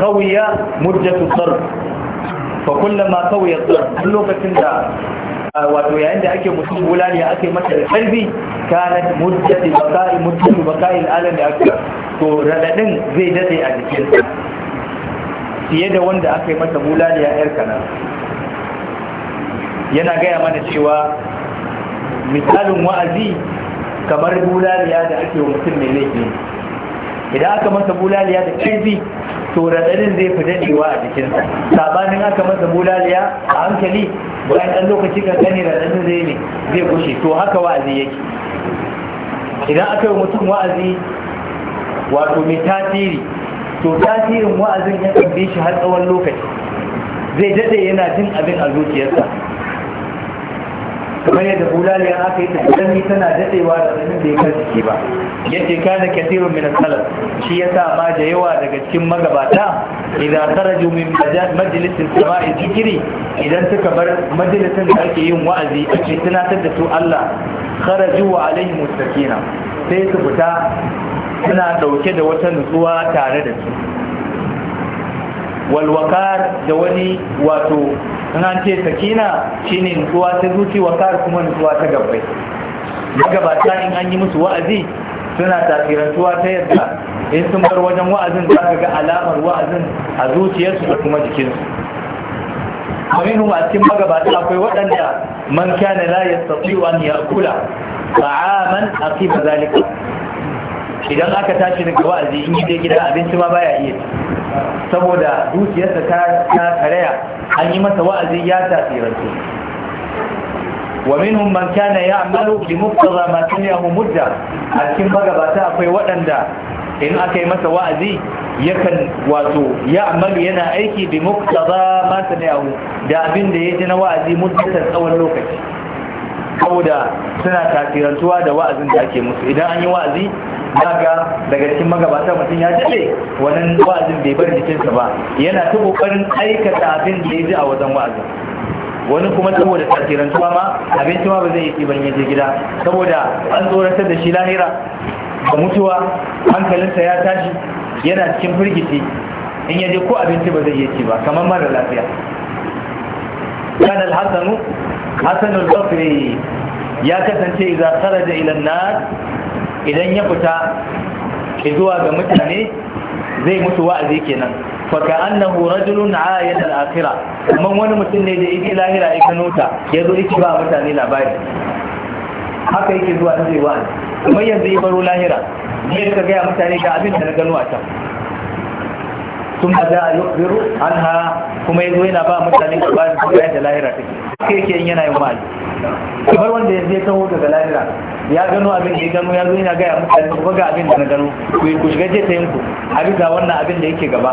kawiya murjatu tsar fa kullama kawiya tsar duk lokacin da wato yayin da ake mutum bulaliya ake mata da karbi kanat mujjati baqa'i mujjati baqa'i al'alam da aka to radadin zai dade a jikin fiye da wanda aka yi mata bulaliya yar kana yana gaya mana cewa misalin wa'azi kamar bulaliya da ake wa mutum mai laifi idan aka masa bulaliya da kirbi to raɗaɗin zai fi daɗewa a jikinsa sabanin aka masa bulaliya a hankali bayan dan lokaci gani raɗaɗin zai ne zai gushe to haka wa'azi yake idan aka yi mutum wa'azi wato mai tasiri to tasirin wa'azin ya kambe shi har tsawon lokaci zai dade yana jin abin a zuciyarsa kamar yadda bulaliya aka yi ni tana dadewa da zanen da ya kan jiki ba yace kana kathirun min salaf shi yasa ma da yawa daga cikin magabata idan kharaju min majalisin sama'i jikiri, idan suka bar majalisin da ake yin wa'azi ake tunatar da su Allah karaju wa alaihim sakina sai su fita suna dauke da wata nutsuwa tare da su walwakar da wani wato an ce sakina shine nutsuwa ta zuci wakar kuma nutsuwa ta gabbai magabata in an yi musu wa'azi suna tasirantuwa ta yadda in sun bar wajen wa'azin za ka ga alamar wa'azin a zuciyarsu da kuma jikinsu aminu a cikin magabata akwai waɗanda man kana Ba a an a fi ba zalika idan aka tashi daga wa'azi in je gida abinci ma baya iya saboda dukiyarsa ta karaya an yi masa wa'azi ya tasirantu wa minhum man kana ya'malu bi muqtada ma sami'ahu mudda a cikin magabata akwai waɗanda in aka yi masa wa'azi yakan wato ya'malu yana aiki bi muqtada ma sami'ahu da abin da ya ji na wa'azi muddatan tsawon lokaci saboda suna tasirantuwa da wa'azin da ake musu idan an yi wa'azi zaga daga cikin magabata mutum ya jade wannan wa'azin bai bar jikinsa ba yana ta kokarin aikata abin da ya ji a wajen wa'azin wani kuma saboda tuwa ma abinci ma ba zai yi ban yaje gida saboda an tsoratar da shi lahira da mutuwa hankalinsa ya tashi yana cikin firgici in yaje ko abinci ba zai yi ci ba kamar mara lafiya kan al hassanul hasanul ya kasance idan kharaja ila an-nas idan ya fita zuwa ga mutane zai mutu wa'azi kenan faka annahu rajulun ayyad al-akhirah kuma wani mutum ne da yake lahira yake nota yazo yake ba mutane labari haka yake zuwa zai wa'azi kuma yanzu ya baro lahira ne ka ga mutane ga abin da na gano a can Kuma za a yukbiru anha kuma yazo yana ba mutane da bayan kuma yadda lahira take ke ke yin yana yin wa'azi kamar wanda ya ya taho daga lahira ya gano abin da ya gano ya zo yana gaya mutane ku ga abin da na gano ku ku shiga je ta ku a bisa wannan abin da yake gaba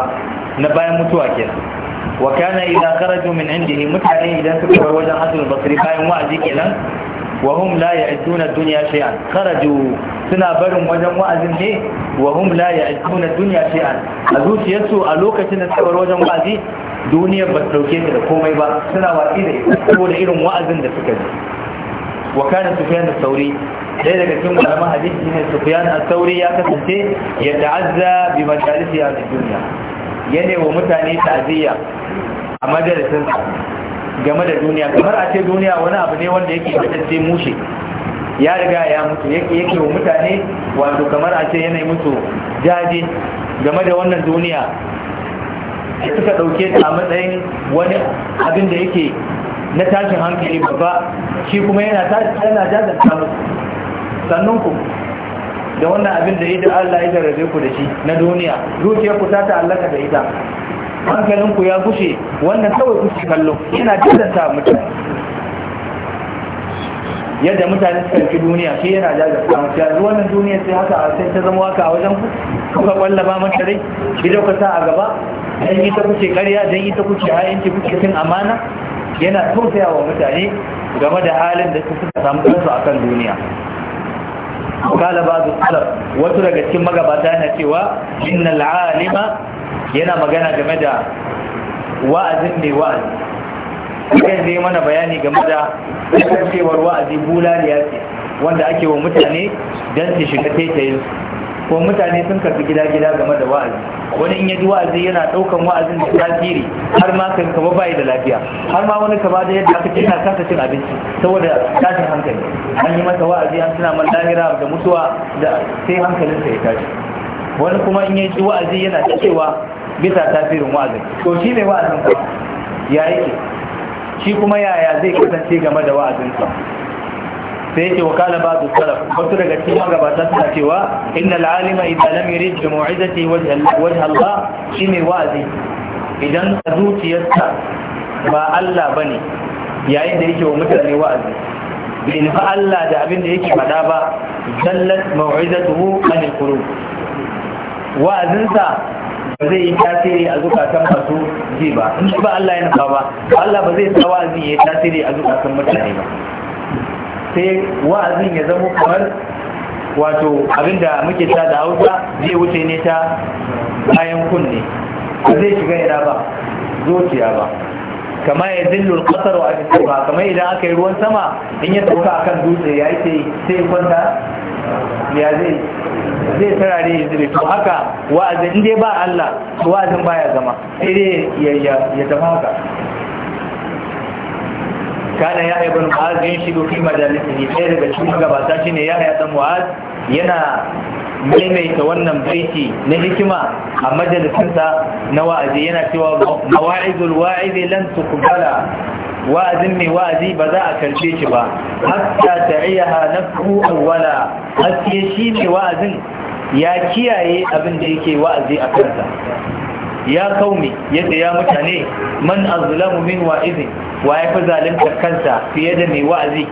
na bayan mutuwa kenan wa kana idan kharaju min indihi mutane idan suka bar wajen hasan basri bayan wa'azi kenan wa hum la ya'iduna dunya shay'an kharaju suna barin wajen wa'azin ne wa hum la ya'iduna dunya shay'an a zuciyarsu a lokacin da suka bar wajen wa'azi duniyar ba dauke ta da komai ba suna watsi da ko da irin wa'azin da suka ji wa kana sufyan as-sauri dai daga cikin malaman hadisi ne sufyan as-sauri ya kasance ya ta'azza bi majalisi a duniya yana wa mutane ta'ziya a majalisin game da duniya kamar a ce duniya wani abu ne wanda yake fitacce mushe ya riga ya mutu yake yake wa mutane wato kamar a ce yanayi mutu jaji game da wannan duniya suka ɗauke ta a matsayin wani abin da yake na tashin hankali babba shi kuma yana jazanta musu sannan ku da wannan abin da idan Allah ya jarrabe ku da shi na duniya zuciya ku ta ta'allaka da ita hankalinku ya gushe wannan kawai kuke kallo yana jadanta mutane yadda mutane suka yi duniya shi yana jadanta mutu yanzu wannan duniya sai haka a sai ta zama waka a wajen ku kuka ba mata rai idan ka sa a gaba dan ta kuke karya dan ta kuke hayanci kuke cin amana yana tausaya wa mutane game da halin da suka samu kansu kan duniya kala ba'd salaf wasu daga cikin magabata yana cewa innal alima yana magana game da wa'azin mai wa'azi kan zai mana bayani game da kasancewar wa'azi bulaliya ce wanda ake wa mutane don su shiga taitayin ko mutane sun karbi gida-gida game da wa'azi wani in yaji wa'azi yana daukan wa'azin da tasiri har ma kan kaba bai da lafiya har ma wani kaba da yadda aka ce yana kasa cin abinci saboda tashin hankali an yi masa wa'azi an suna man lahira da mutuwa da sai hankalinsa ya tashi wani kuma in yaji wa'azi yana cewa bisa tasirin wa'azi. to shi mai wa'azin ya yake shi kuma yaya zai kasance game da wa'azinsa sai yake wakala ba da salaf wasu daga cikin magabata suna cewa inna al'alima idan lam yurid bi mu'izati wajh Allah shine wazi idan a zuciyarsa ba Allah bane yayin da yake wa mutane wa'azi bai nufi Allah da abin da yake faɗa ba zallat mau'izatuhu anil qulub wa'azinsa ba zai yi tasiri a zukatan masu ji ba in ba Allah ya nufa ba Allah ba zai sa wa'azi ya tasiri a zukatan mutane ba sai wa'azin ya zama kamar wato abinda muke ta da hausa zai wuce ne ta bayan kunne zai shiga yana ba zuciya ba kama ya zillul kasar wa abin ba kama idan aka yi ruwan sama in ya a kan dutse ya yi sai kwanta ya zai zai tarare ya zube to haka wa'azin in dai ba Allah wa'azin baya zama sai dai ya tafi haka kana ya ibn mu'az yin shigo fi majalisihi sai daga cikin gabata shine ya ya dan mu'az yana maimaita wannan baiti na hikima a majalisinsa na wa'azi yana cewa mawa'izul wa'izi lan tuqbala wa'azin mai wa'azi ba za a karce shi ba hatta ta'iyaha nafsu awwala hatta shi mai wa'azin ya kiyaye abin da yake wa'azi a kansa ya kaumi yadda ya mutane man azlamu min wa'izin wa ya fi zalimta kansa fiye da mai wa'azi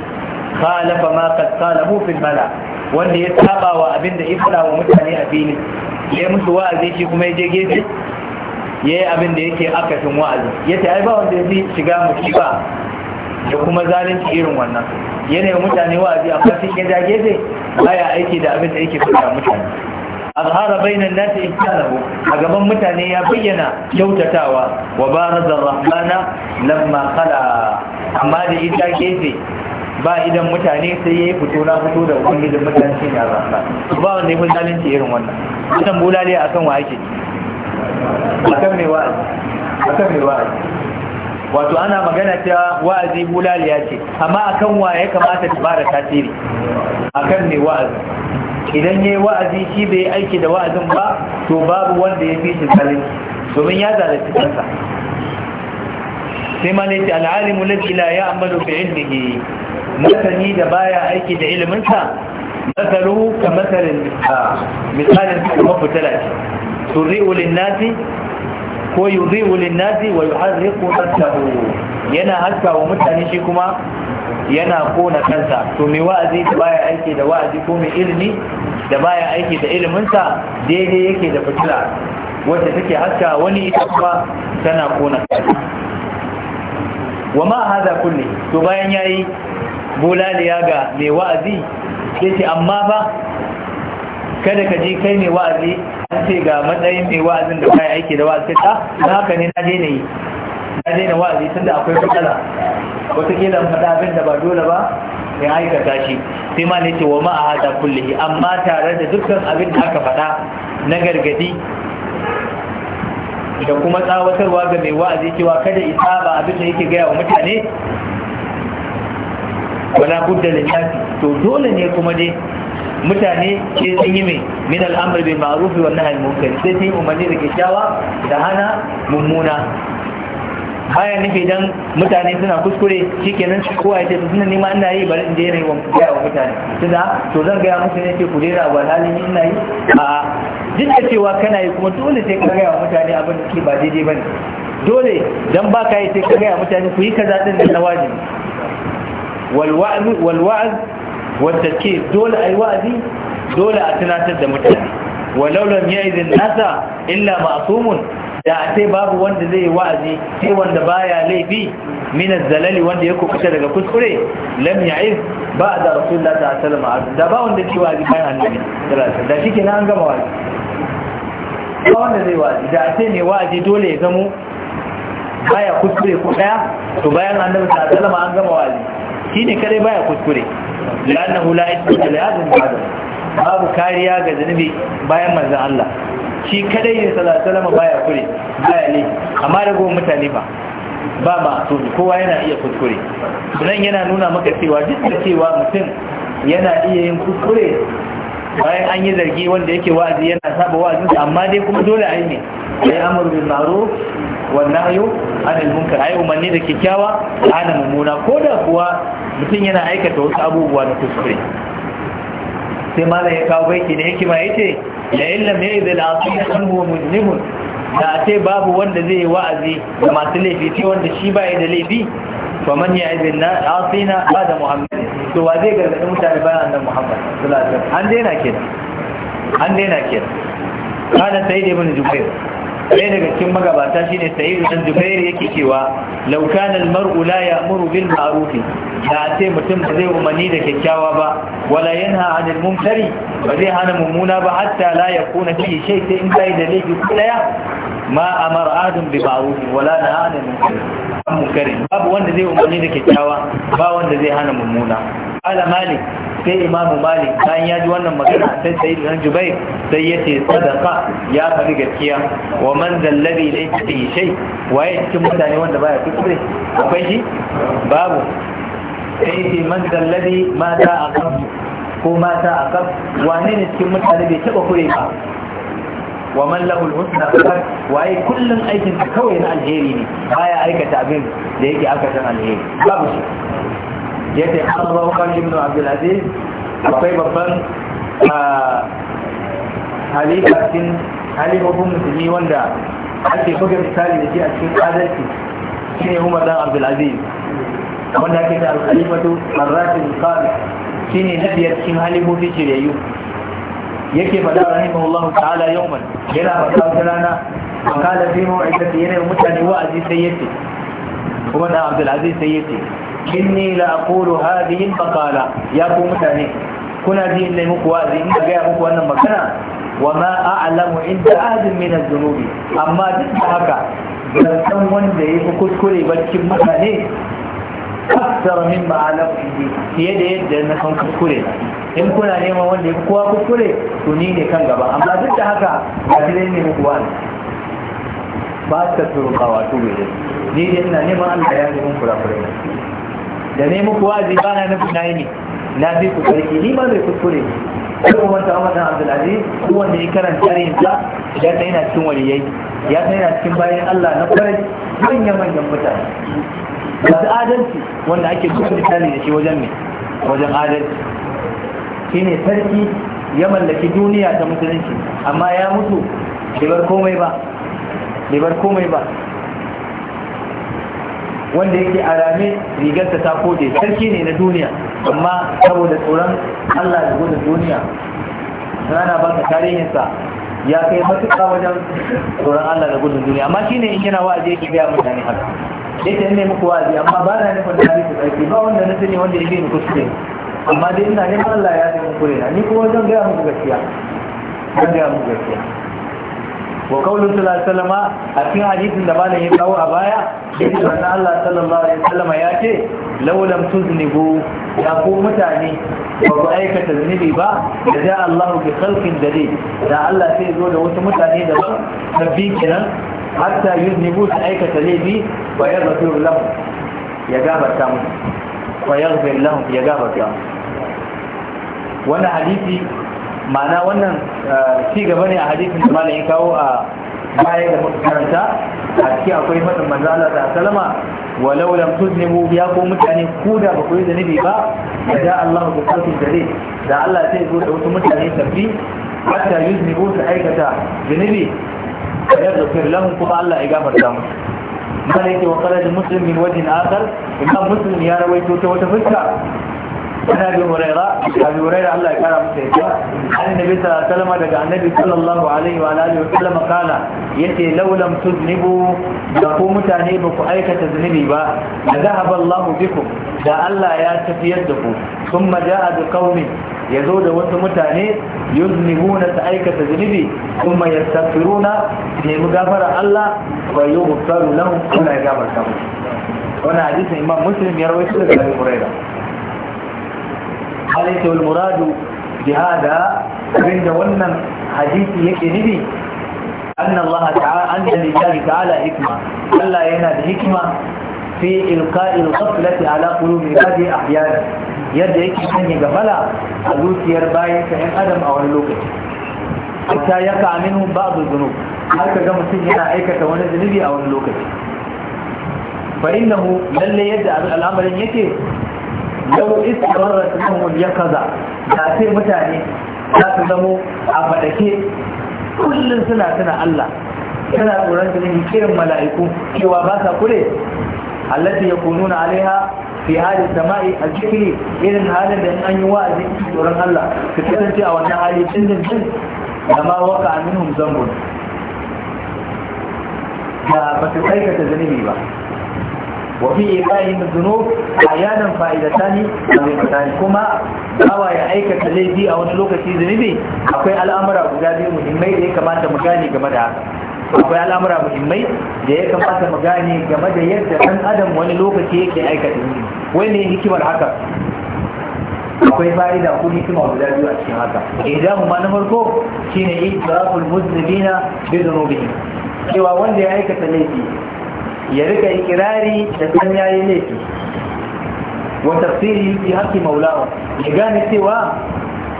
khalafa ma qad qalahu fil mala wanda ya saba wa abin da ifra wa mutane a fili ya musu wa'azi shi kuma ya je gefe ya yi abin da yake akasin wa'azi ya ta ai ba wanda ya fi shiga ba, da kuma zalunci irin wannan yanayin mutane wa'azi a fasin ya gefe baya aiki da abin da yake fada mutane azhara bainan nasi ihsanahu a gaban mutane ya bayyana kyautatawa wa baraza rahmana lamma khala amma da ita gefe ba idan mutane sai ya yi fito na fito da ubangijin mutane shi ne a ba wanda ya fi zalunci irin wannan wannan bulale akan wa ake akan mai wa'azi akan mai wa'azi wato ana magana ta wa'azi bulaliya ce amma akan wa ya kamata ta fara tasiri akan mai wa'azi idan ya yi wa'azi shi bai aiki da wa'azin ba to babu wanda ya fi shi zalunci domin ya zalunci kansa sai ma ne ce al'alimu lafi la ya amalu fi ilmihi masani da baya aiki da iliminsa masaruhu ka masarin ah, misalin kuma fitila ce turi'u linnasi ko yudhi'u lin nazi wa yuharriqu nafsahu yana haska wa mutane shi kuma yana kona kansa to mai wa'azi da baya aiki da wa'azi ko mai ilimi da baya aiki da iliminsa daidai yake da fitila wacce take haska wani ita kuma tana kona kansa wa ma haza kulli to bayan yayi bulaliya ga mai wa'azi sai amma ba kada ka je kai mai wa'azi an ce ga matsayin mai wa'azin da kai aiki da wa'azi ta na haka ne na daina yi na daina wa'azi tun da akwai matsala wataƙila in faɗa abin da ba dole ba ya aikata shi sai ma ne ce wa a hada kullihi amma tare da dukkan abin da aka faɗa na gargadi da kuma tsawatarwa ga mai wa'azi cewa kada isa ba abin da yake gaya wa mutane wala budda lillahi to dole ne kuma dai mutane ke sun yi mai min al'amr bil ma'ruf wa nahy anil munkar sai sun yi umarni da kyakkyawa da hana mummuna baya nufi dan mutane suna kuskure shikenan kowa ya ce suna nima ina yi bari in daina yi wa mutane tunda to zan gaya musu ne ce ku daina wa halin ina yi a duk da cewa kana yi kuma dole sai ka gaya wa mutane abin da ke ba daidai ba ne dole don ba ka yi sai ka gaya mutane ku yi kaza din da na wajibi wal wa'az wadda ke dole a yi wa'azi dole a tunatar da mutane walau ya ya'izin nasa illa ma'sumun da a ce babu wanda zai wa'azi sai wanda baya laifi min zalali wanda ya kuka daga kuskure lam ya'iz ba da rasulullah ta sallama da ba wanda ke wa'azi bayan annabi da shike na an gama wa'azi ba wanda zai wa'azi da a ce mai wa'azi dole ya zamo baya kuskure ko daya to bayan annabi ta salama an gama wa'azi shine kare baya kuskure lannahu la isma la yazun ba'da babu kariya ga zanubi bayan manzon Allah shi kadai ne sallallahu alaihi baya kure baya ne amma da go mutane ba ba ma to kowa yana iya kuskure sunan yana nuna maka cewa duk da cewa mutum yana iya yin kuskure bayan an yi zargi wanda yake wa'azi yana saba wa'azinsa amma dai kuma dole a yi ne ya amuru amur bil ma'ruf wannan ayo anil munkar ayi umarni da kyakkyawa ana mummuna ko da kuwa mutum yana aikata wasu abubuwa na kuskure sai malam ya kawo baiki da hikima ce, la illa ma yadhil asina anhu mujnibun da ce babu wanda zai yi wa'azi ga masu laifi sai wanda shi ba da laifi fa man ya ya'izin na asina ba da muhammad to wa zai gargaɗi mutane bayan annan muhammad sallallahu alaihi wasallam an daina kenan an daina kenan kana sai da ibn jubair ɗaya daga cikin magabata shine sayyid dan jubair yake cewa law kana al mar'u la ya'muru bil ma'ruf da sai mutum ba zai umarni da kyakkyawa ba wala yanha 'anil munkari ba zai hana mummuna ba hatta la yakuna fi shay sai in kai da laifi kulaya ma amara adam bi ma'ruf wala naha 'anil munkari babu wanda zai umarni da kyakkyawa ba wanda zai hana mummuna ala malik sai imamu malik bayan ya ji wannan magana sai sai da jubair sai ya ce sadaka ya faɗi gaskiya wa man zallabi ne cikin shai waye cikin mutane wanda baya kuskure akwai shi babu sai ce man zallabi mata a kan ko mata a kan wane ne cikin mutane bai taɓa kure ba wa man lahul husna fakat waye kullun aikin kawai na alheri ne baya aikata abin da yake aikatan alheri babu shi yadda ya an zama kan ibn abdulaziz akwai babban ah, halifacin halifofin musulmi wanda ake buga misali da shi a cikin adalci shi ne umar dan abdulaziz wanda ake da alkhalifatu marratin qali shi ne na biyar cikin halifofi shiryayyu yake faɗa Allah ta'ala yawman yana faɗa wata rana a kala fi mawa'ikati yana mutane wa'azi sai yace kuma dan abdulaziz sai yace inni la aqulu hadhihi al-maqala ya ku mutane kuna ji in nemi kuwa zai ina gaya muku wannan magana wa a'lamu inda ahadin min az-zunubi amma duk da haka ban san wanda ya fi kuskure ba cikin mutane aksar min ma'alam indi fiye da yadda na san kuskure in kuna neman wanda ya fi kowa kuskure to ni ne kan gaba amma duk da haka ba zai ne muku wani ba ta turuka wato ne ni dai ina neman Allah ya neman kurakurai da ne muku wazi ba na nufi na yi ne na fi ku sarki ni ma zai kuskure kuma wanda Umar dan Abdul Aziz duk wanda ya karanta tarihin sa ya san yana cikin waliyai ya san yana cikin bayan Allah na farin manyan manyan mutane masu adalci wanda ake cikin misali da shi wajen ne wajen adalci shine sarki ya mallaki duniya ta musulunci amma ya mutu bai bar komai ba bai bar komai ba wanda yake a rame rigarsa ta kode sarki ne na duniya amma saboda tsoron Allah da gudun duniya rana ba ka tarihinsa ya kai matuƙa wajen tsoron Allah da gudun duniya amma shine in yana wa'azi yake gaya mutane haka dai ta ne muku wa'azi amma ba na nufin tarihi ku tsarki ba wanda na sani wanda yake muku suke amma dai ina neman Allah ya nemi kure na ni kuma zan gaya muku gaskiya zan gaya muku gaskiya wa kaulun a cikin hadisin da malam ya kawo a baya yake manzo Allah sallallahu alaihi wasallam ya ce laulam tuznibu ya mutane ba ku aikata zunubi ba da ja Allah bi khalqin dalil da Allah sai zo da wasu mutane da ba sabbi kenan hatta yuznibu su aikata laifi wa yaghfiru ya hadisi ma'ana wannan eh, ci gaba ne a hadisin da malamin kawo a baya da karanta a ciki akwai faɗin manzala da salama walau lam tuznimu ya ko mutane ko da ba ku yi zanibi ba da da Allah ku kautin dare da Allah sai zo da wasu mutane sabbi hatta yuznibu su aikata zanibi ya zafir lahum kuma Allah ya gafarta musu malaka wa qala muslim min wajhin akhar imam muslim ya rawaito ta wata fuska wani abin huraira abin huraira Allah ya kara masa yadda an nabi salama daga annabi sallallahu alaihi wa alihi wa sallam kana yace laulam tuznibu da ku mutane ba ku aikata zunubi ba da zahaba Allah bikum da Allah ya tafiyar da ku thumma ja'a bi ya zo da wasu mutane yuznibuna su aikata zunubi kuma yastaghfiruna nemi gafara Allah ba wa yughfaru lahum kuma ya gafarta musu wannan hadisin imam muslim ya rawaito daga Abu Hurairah alaita wal muradu bi hada bin wannan hadisi yake nibi an Allah ta'ala an da lillahi hikma Allah yana da hikma fi ilqa'il ghaflati ala qulubi hadi ahyan yadda yake sanya gafala bala, zuciyar bayan sa ɗan adam a wani lokaci hatta ya ka aminu ba'du dhunub har ka ga mutum yana aikata wani zunubi a wani lokaci fa innahu lalle yadda al'amarin yake lau istibarar tuhumul ya kaza da sai mutane za su zamo a faɗake kullum suna tuna Allah suna tsoron tunin kirin mala'iku cewa ba sa kure allati yakununa alaiha fi hali sama'i a cikin irin halin da an yi wa'azi tsoron Allah su kasance a wannan hali cin din cin da ma waka aminhum zambun da ba su aikata zanibi ba da وفي a من الذنوب أحيانا فائدتان عظيمتان كما bawa ya aikata laifi a wani lokaci zunubi akwai al'amura guda biyu muhimmai da ya kamata mu gane game da haka akwai al'amura muhimmai da ya kamata mu gane game da yadda ɗan adam wani lokaci yake aikata zunubi wai ne hikimar haka akwai fa'ida ko hikima guda biyu a cikin haka idan ma na farko shine idraful muslimina bi dhunubihim cewa wanda ya aikata laifi ya rika ikirari da san yayi laifi wa tafsiri fi maulawa ya gane cewa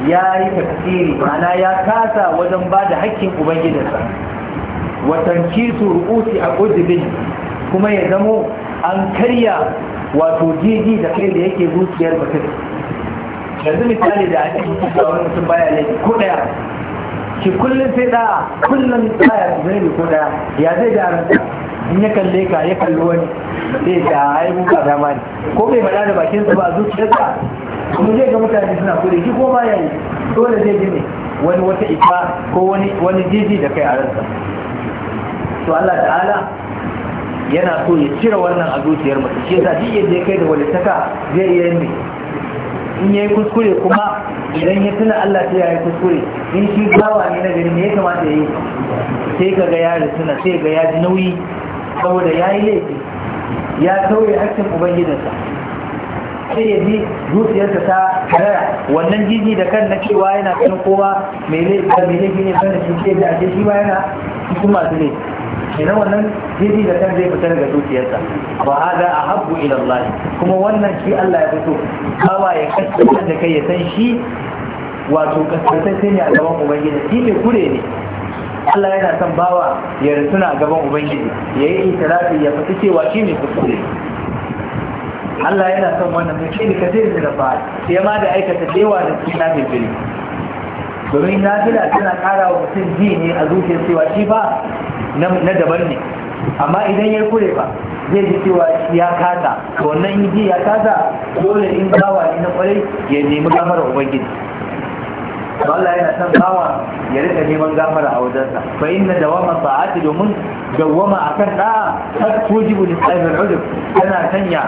ya yi tafsiri ma'ana ya kasa wajen ba da haƙƙin ubangidansa wa tankisu ru'usi a ujubin kuma ya zamo an karya wato jiji da kai da yake zuciyar mutum yanzu misali da ake cikin wani mutum baya laifi ko ɗaya shi kullum sai da kullum tsaya zai bi ko daya ya zai da ran in ya kalle ka ya kalli wani sai da ah, haihu ba dama ne ko bai faɗa da bakin su ba a zuciyarsa kuma zai ga mutane suna kure shi ko ma yi. dole zai ji ne wani wata ifa ko wani wani jiji da kai a ransa to Allah ta'ala yana so ya cire wannan a zuciyar mutum shi yasa duk yadda ya kai da walittaka zai iya yin in yi kuskure kuma idan ya tuna Allah sai yi kuskure in shi gawa ne na gari ne ya kamata ya yi. sai ga ya tuna sai ga ya ji nauyi saboda ya yi laifi ya sauya hakkin ubangijinsa sai ya ji zuciyarsa ta karara wannan jiji da kan na cewa yana kan kowa mai laifi ne sanin shi ke da ake shi ma yana cikin masu laifi kenan wannan jiji da kan zai fita daga zuciyarsa wa hada ahabbu ila Allah kuma wannan shi Allah ya fito kawa ya kasance da kai ya san shi wato kasance ne a gaban ubangiji shi ne kure ne Allah yana son bawa ya rusuna a gaban ubangiji ya yi itirafi ya fita cewa shi ne kuskure Allah yana son wannan mai shi ka zai zira ba sai ma da aikata da yawa da suna mai biri domin nafila tana kara wa mutum ji ne a zuciyar cewa shi ba na daban ne amma idan ya kure ba zai ji cewa ya kasa to wannan in ji ya kasa dole in bawa ne na kwarai ya nemi gafara ubangiji to Allah yana son bawa ya rika neman gafara a wajensa fa inna dawama sa'ati domin dawama akan da har tujibu sai sa'il udub tana sanya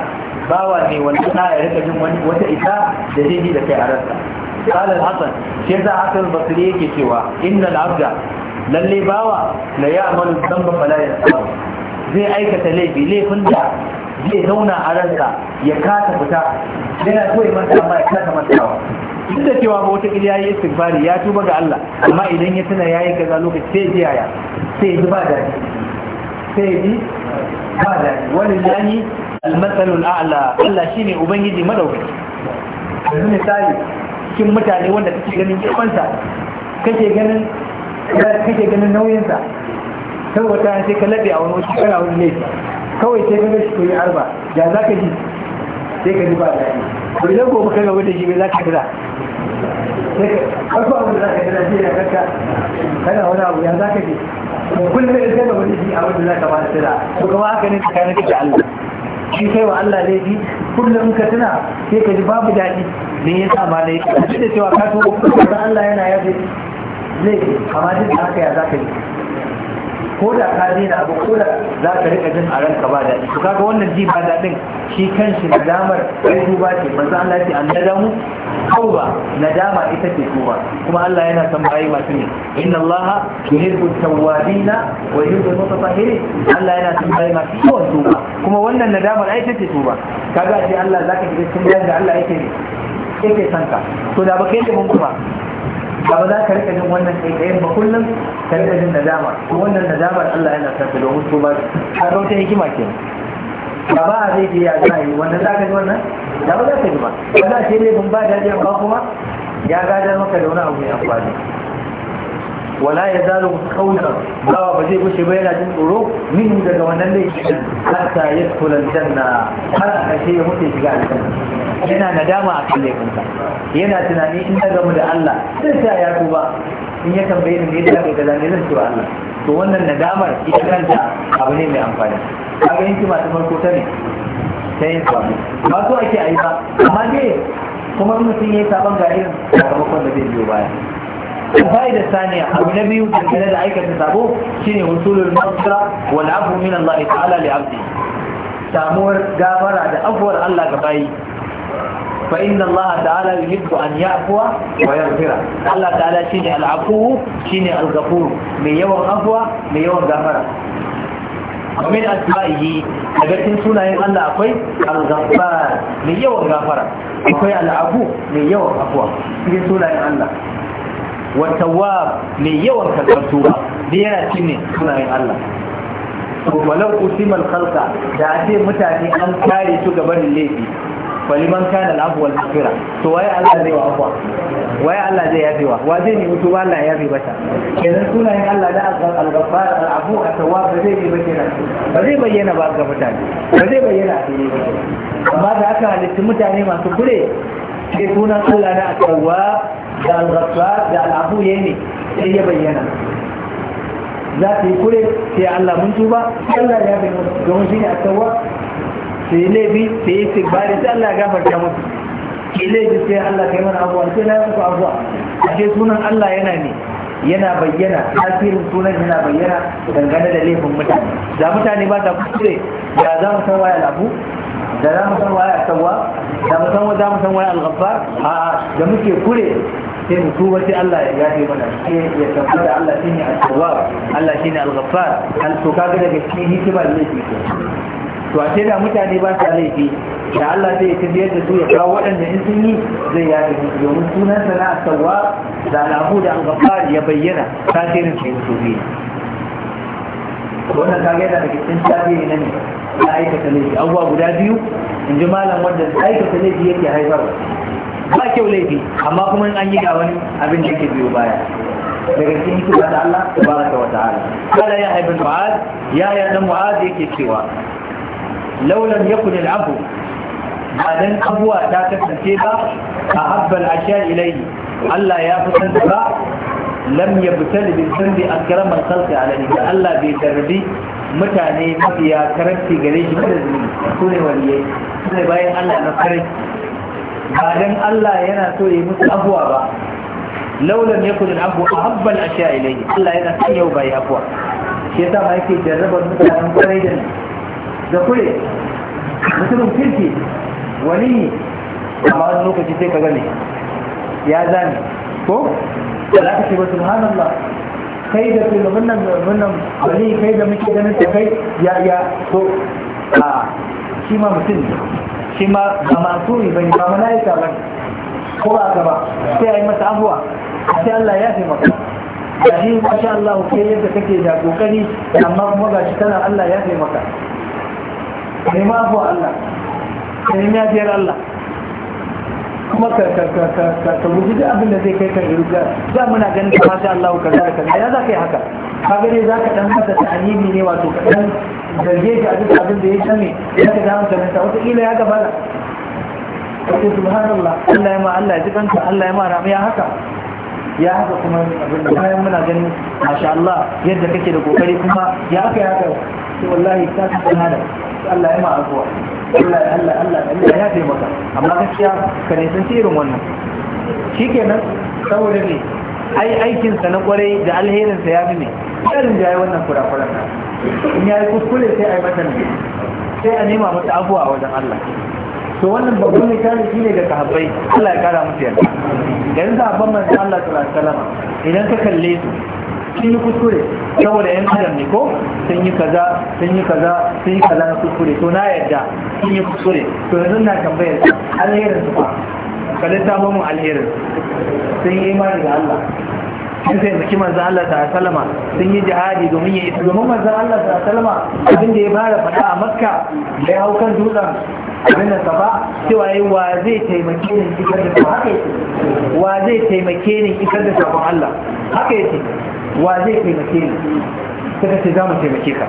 bawa ne wanda na ya rika jin wani wata ita da zai yi da kai a ransa قال الحسن شيخ حسن البصري yake cewa innal abda lalle bawa la ya'malu dhanba fala yasabu zai aikata laifi laifin da zai zauna a ransa ya kasa fita yana so ya manta amma ya kasa mantawa duk da cewa wata kila yayi istighfari ya tuba ga Allah amma idan ya tuna yayi kaza lokaci sai ji yaya sai ji ba dadi sai ji ba dadi walillahi almasalul a'la Allah shine ubangiji madaukaki yanzu misali cikin mutane wanda kake ganin girman sa kake ganin ya kake ganin nauyinsa sai wata sai ka labe a wani wasu kana wani laifi kawai sai ka gashi koyi arba ya za ka ji sai ka ji ba daɗi Ko idan gobe ka gaba da shi bai za ka jira sai ka farko abin da za ka jira shi ya kanka kana wani abu ya za ka ji kullum da ka gaba da shi abin da za ka ba da jira to kuma haka ne tsakanin ka da Allah shi kai wa Allah laifi kullum ka tuna sai ka ji babu daɗi ne ya sa ma laifi duk da cewa ka tuba kuma Allah yana yafe laifi amma duk da haka ya za ka yi ko da ka daina abu ko da za ka rika jin a ranka ba daɗi to kaga wannan ji ba daɗin shi kan shi nadamar ai tuba ce manzo Allah ya ce an nadamu tauba nadama ita ce tuba kuma Allah yana son bayi masu ne inna Allah yuhibbu tawwabina wa yuhibbu mutatahhirin Allah yana son bayi masu yawan tuba kuma wannan nadamar ai ita ce tuba kaga ce Allah zaka shiga cikin da Allah yake ne yake ka? to da baka yi mun kuma ba za ka rika jin wannan kai ba kullum ka rika jin nadama to wannan nadamar Allah yana sa ta domin su ba a rauta hikima ke ba ba a zai biya za yi wannan za ka ji wannan da ba za ka ji ba ba za ka yi laifin ba da ba kuma ya gadar maka da wani abu mai amfani wala ya zalo kauna bawa ba zai bushe ba yana jin tsoro min daga wannan dai hatta ya kula janna har a kashe ya mutu shiga aljanna yana nadama a kan laifinsa yana tunani in na gamu da Allah zai sa ya tuba in ya tambaye ni ne da ga da ne zan ce Allah to wannan nadamar ita kanta abu ne mai amfani kaga yanki masu farko ta ne ta yin sabu ba so ake a yi ba amma dai kuma mutum ya yi sabon ga irin sakamakon da zai biyo baya الفائدة الثانية أبو نبي وكان هذا عيكة تتابوه شيني وصول المغفرة والعفو من الله تعالى لعبده سامور غافر هذا أفور الله كباي فإن الله تعالى يحب أن يعفو ويغفر الله تعالى شيني العفو شيني الغفور من يوم عفو من يوم غفر ومن أسمائه لكن سنة الله أقوي الغفار من يوم غفر أقوي العفو من يوم عفو من سنة الله watawa mai yawan karɓar tuba da yana cinne sunayen Allah walau usimal khalqa da ce mutane an kare su gaban laifi faliman kana lahu wal akhira to waye Allah zai wa waye Allah zai yafe wa wa zai nemi tuba Allah ya yafe bata kenan sunayen Allah da al-ghaffar al-afu at-tawwab zai yi bayyana ba zai bayyana ba ga mutane ba zai bayyana a fili ba amma da aka halitta mutane masu kure sai sunan Allah na at-tawwab da al-ghaffar da al-afu ne sai ya bayyana za ta yi kure sai Allah mun tuba Allah ya bi don shi ne a tsawa sai laifi sai yi tibbari sai Allah ya da musu ki laifi sai Allah kai mana abuwa sai na yanku abuwa a ce sunan Allah yana ne yana bayyana tasirin sunan yana bayyana dangane da laifin mutane da mutane ba ta kusure da za mu san waya labu da za mu san waye asawa da mu san za mu san waye al-ghaffar a da muke kure sai mu tuba sai Allah ya gafe mana sai ya tabbata Allah shine as-sawab Allah shine al-ghaffar al to kaga daga cikin hikimar laifi to a sai da mutane ba su laifi da Allah zai tafiyar da su ya kawo waɗanda in sun yi zai yafe musu domin sunan sana a sawa da al'abu da al ya bayyana ta sai su biyu wannan kage da daga cikin tabi ne ne ya aikata laifi abuwa guda biyu in ji malam wanda aikata laifi yake haifar ba kyau laifi amma kuma an yi ga wani abin da yake biyo baya daga cikin hikima da Allah tabaraka wa ta'ala kala ya haibin mu'az ya ya dan mu'az yake cewa laulan yakun abu, ba dan abuwa ta kasance ba a habbal asha ilayhi Allah ya fi san ba lam yabtali bil a akraman khalqi alaihi da Allah bai darbi mutane mafiya karanci gare shi da zunubi su ne waliyai su ne bayan Allah na karanci ba dan Allah yana so ya musu abuwa ba laulam ya kudin abu ahabba al-ashya ilayhi Allah yana son yau bai abuwa shi yasa ma yake jarrabar mutanen kwarai da da kure mutumin kirki wani amma wani lokaci sai ka gane ya zane ko da aka ce ba subhanallah kai da ke wannan wannan bari kai da muke ganin ta kai ya ya to a shi ma mutum shi ma ba masuri bane ba malaika bane ko ba gaba sai a ai masa abuwa sai Allah ya fi maka da shi masha Allah kai yadda kake da kokari amma kuma gashi kana Allah ya fi maka nema abuwa Allah sai nema biyar Allah kuma ka ka ka guji duk abin da zai kai ka ruga da muna ganin ka masha Allah ka zaka kaza ya zaka yi haka ka gane zaka dan hada ta'anibi ne wato ka dan zarge shi a duk abin da ya sani ya ka damu da manta wata kila ya gabata wato subhanallah Allah ya ma Allah ya ji kanta Allah ya ma ya haka ya haka kuma abin da bayan muna ganin masha Allah yadda kake da kokari kuma ya aka ya haka wallahi ta ta tsana da Allah ya gaskiya ka ne san irin wannan shikenan saboda ne ai aikin sa na kwarai da alherin sa ya fi ne karin da yayi wannan kurakuran in yayi kuskure sai ai mata ne sai a nema mata abuwa wajen Allah to wannan babban misali shine ga sahabbai Allah ya kara musu yarda yanzu sahabban manzo Allah sallallahu alaihi wasallam idan ka kalle su sun yi kuskure saboda yan adam ne ko sun yi kaza sun yi kaza sun yi kaza na kuskure to na yadda sun yi kuskure to yanzu na tambayar alherin su fa ka littafa mun alherin sun yi imani da Allah sun taimaki manzan Allah ta salama sun yi jihadi domin ya isa domin manzan Allah ta salama abin da ya fara faɗa a makka da ya hau kan dutsen abin nan ba cewa yi wa zai taimake ni isar da sabon haka yake wa zai taimake ni isar da sabon Allah haka yake wa zai taimake ni suka ce za mu taimake ka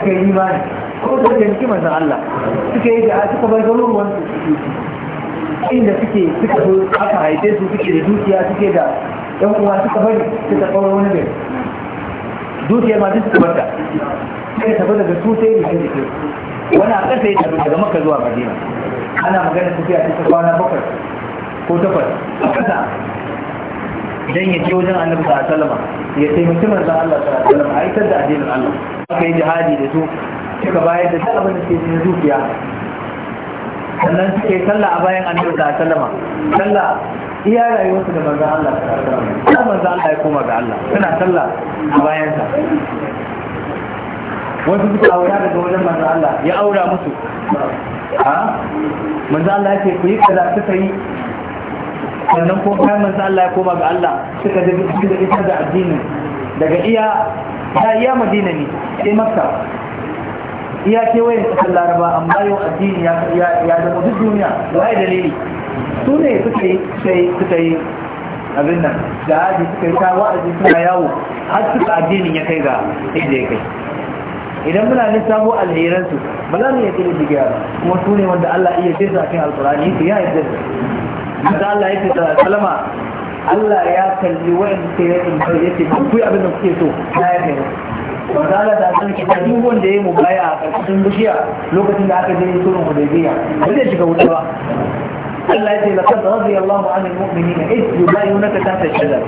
suka yi imani ko da suka taimaki manzon Allah suka yi da a suka bar garuruwan inda suke suka zo aka haife su suke da dukiya suke da yan uwa suka bari suka tsawon wani gari dukiyar ma duk suka bar ta sai ta bar daga su sai da ke wani a ƙasa ya tafi daga maka zuwa madina ana magana tafiya ta kwana bakwai ko takwas a ƙasa dan ya ce wajen annabi sallallahu alaihi wasallam ya taimaki manzo Allah sallallahu alaihi wasallam a aikar da addinin Allah aka yi jihadi da su suka bayar da duk abin da ke cikin zuciya sannan suke yi sallah a bayan annabi sallallahu alaihi wasallam sallah iya rayuwarsu da manzo Allah sallallahu alaihi wasallam manzo Allah ya koma ga Allah suna sallah a bayan sa wasu suka aura daga wajen manzo Allah ya aura musu a manzo Allah ya ce ku yi kaza suka yi sannan ko kai manzo Allah ya koma ga Allah suka da cikin da ita da addinin daga iya ta iya Madina ne sai Makka iya ce wayan kasar Laraba amma yau addini ya ya zama duk duniya wai dalili su ne suka yi suka yi abin nan da aji suka yi ta wa'azi suna yawo har suka addinin ya kai ga inda ya kai idan muna lissafo alheransu ba za mu iya kiri ba. kuma su ne wanda Allah iya ce su a cikin alkurani su yi yarda da Allah ya ce da salama Allah ya kalli wayan da ya yi ya ce ku abin da kuke so na yi kai wanda Allah ta san kita duk da ya yi mubaya a ƙarƙashin bishiya lokacin da aka je sulhun hudaybiya ba zai shiga wuta ba Allah ya ce laqad radiya Allahu 'anil mu'minina idh yubayyinuka tahta ash-shajar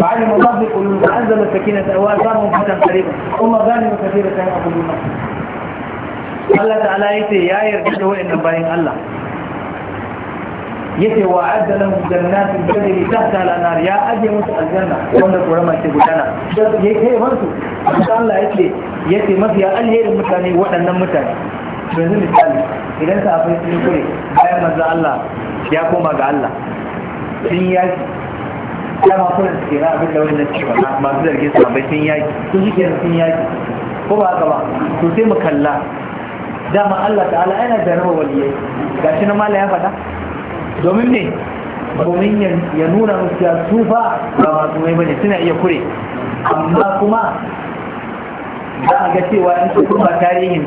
وعلي مطبق وأنزل السكينة وأثارهم فتن قريبا ثم ظالم كثيرة أبو الله Allah ta'ala ya ce ya yarda da wayannan bayan Allah yace wa adala jannatin tajri tahta al-anhar ya aje musu aljanna wanda kurama ce gudana ya kai musu Allah yace yace mafi alherin mutane waɗannan mutane yanzu misali idan sa akwai sun kure bayan manzo Allah ya koma ga Allah sun yaki yana kuna su na abin da wannan cewa masu zargin su bai sun yaki sun shi kenan sun yaki ko ba haka ba to sai mu kalla dama Allah ta'ala yana da jarraba waliyai gashi na mala ya faɗa domin ne domin ya nuna musu ya su ba masu mai bane suna iya kure amma kuma za a ga cewa in su kuma tarihin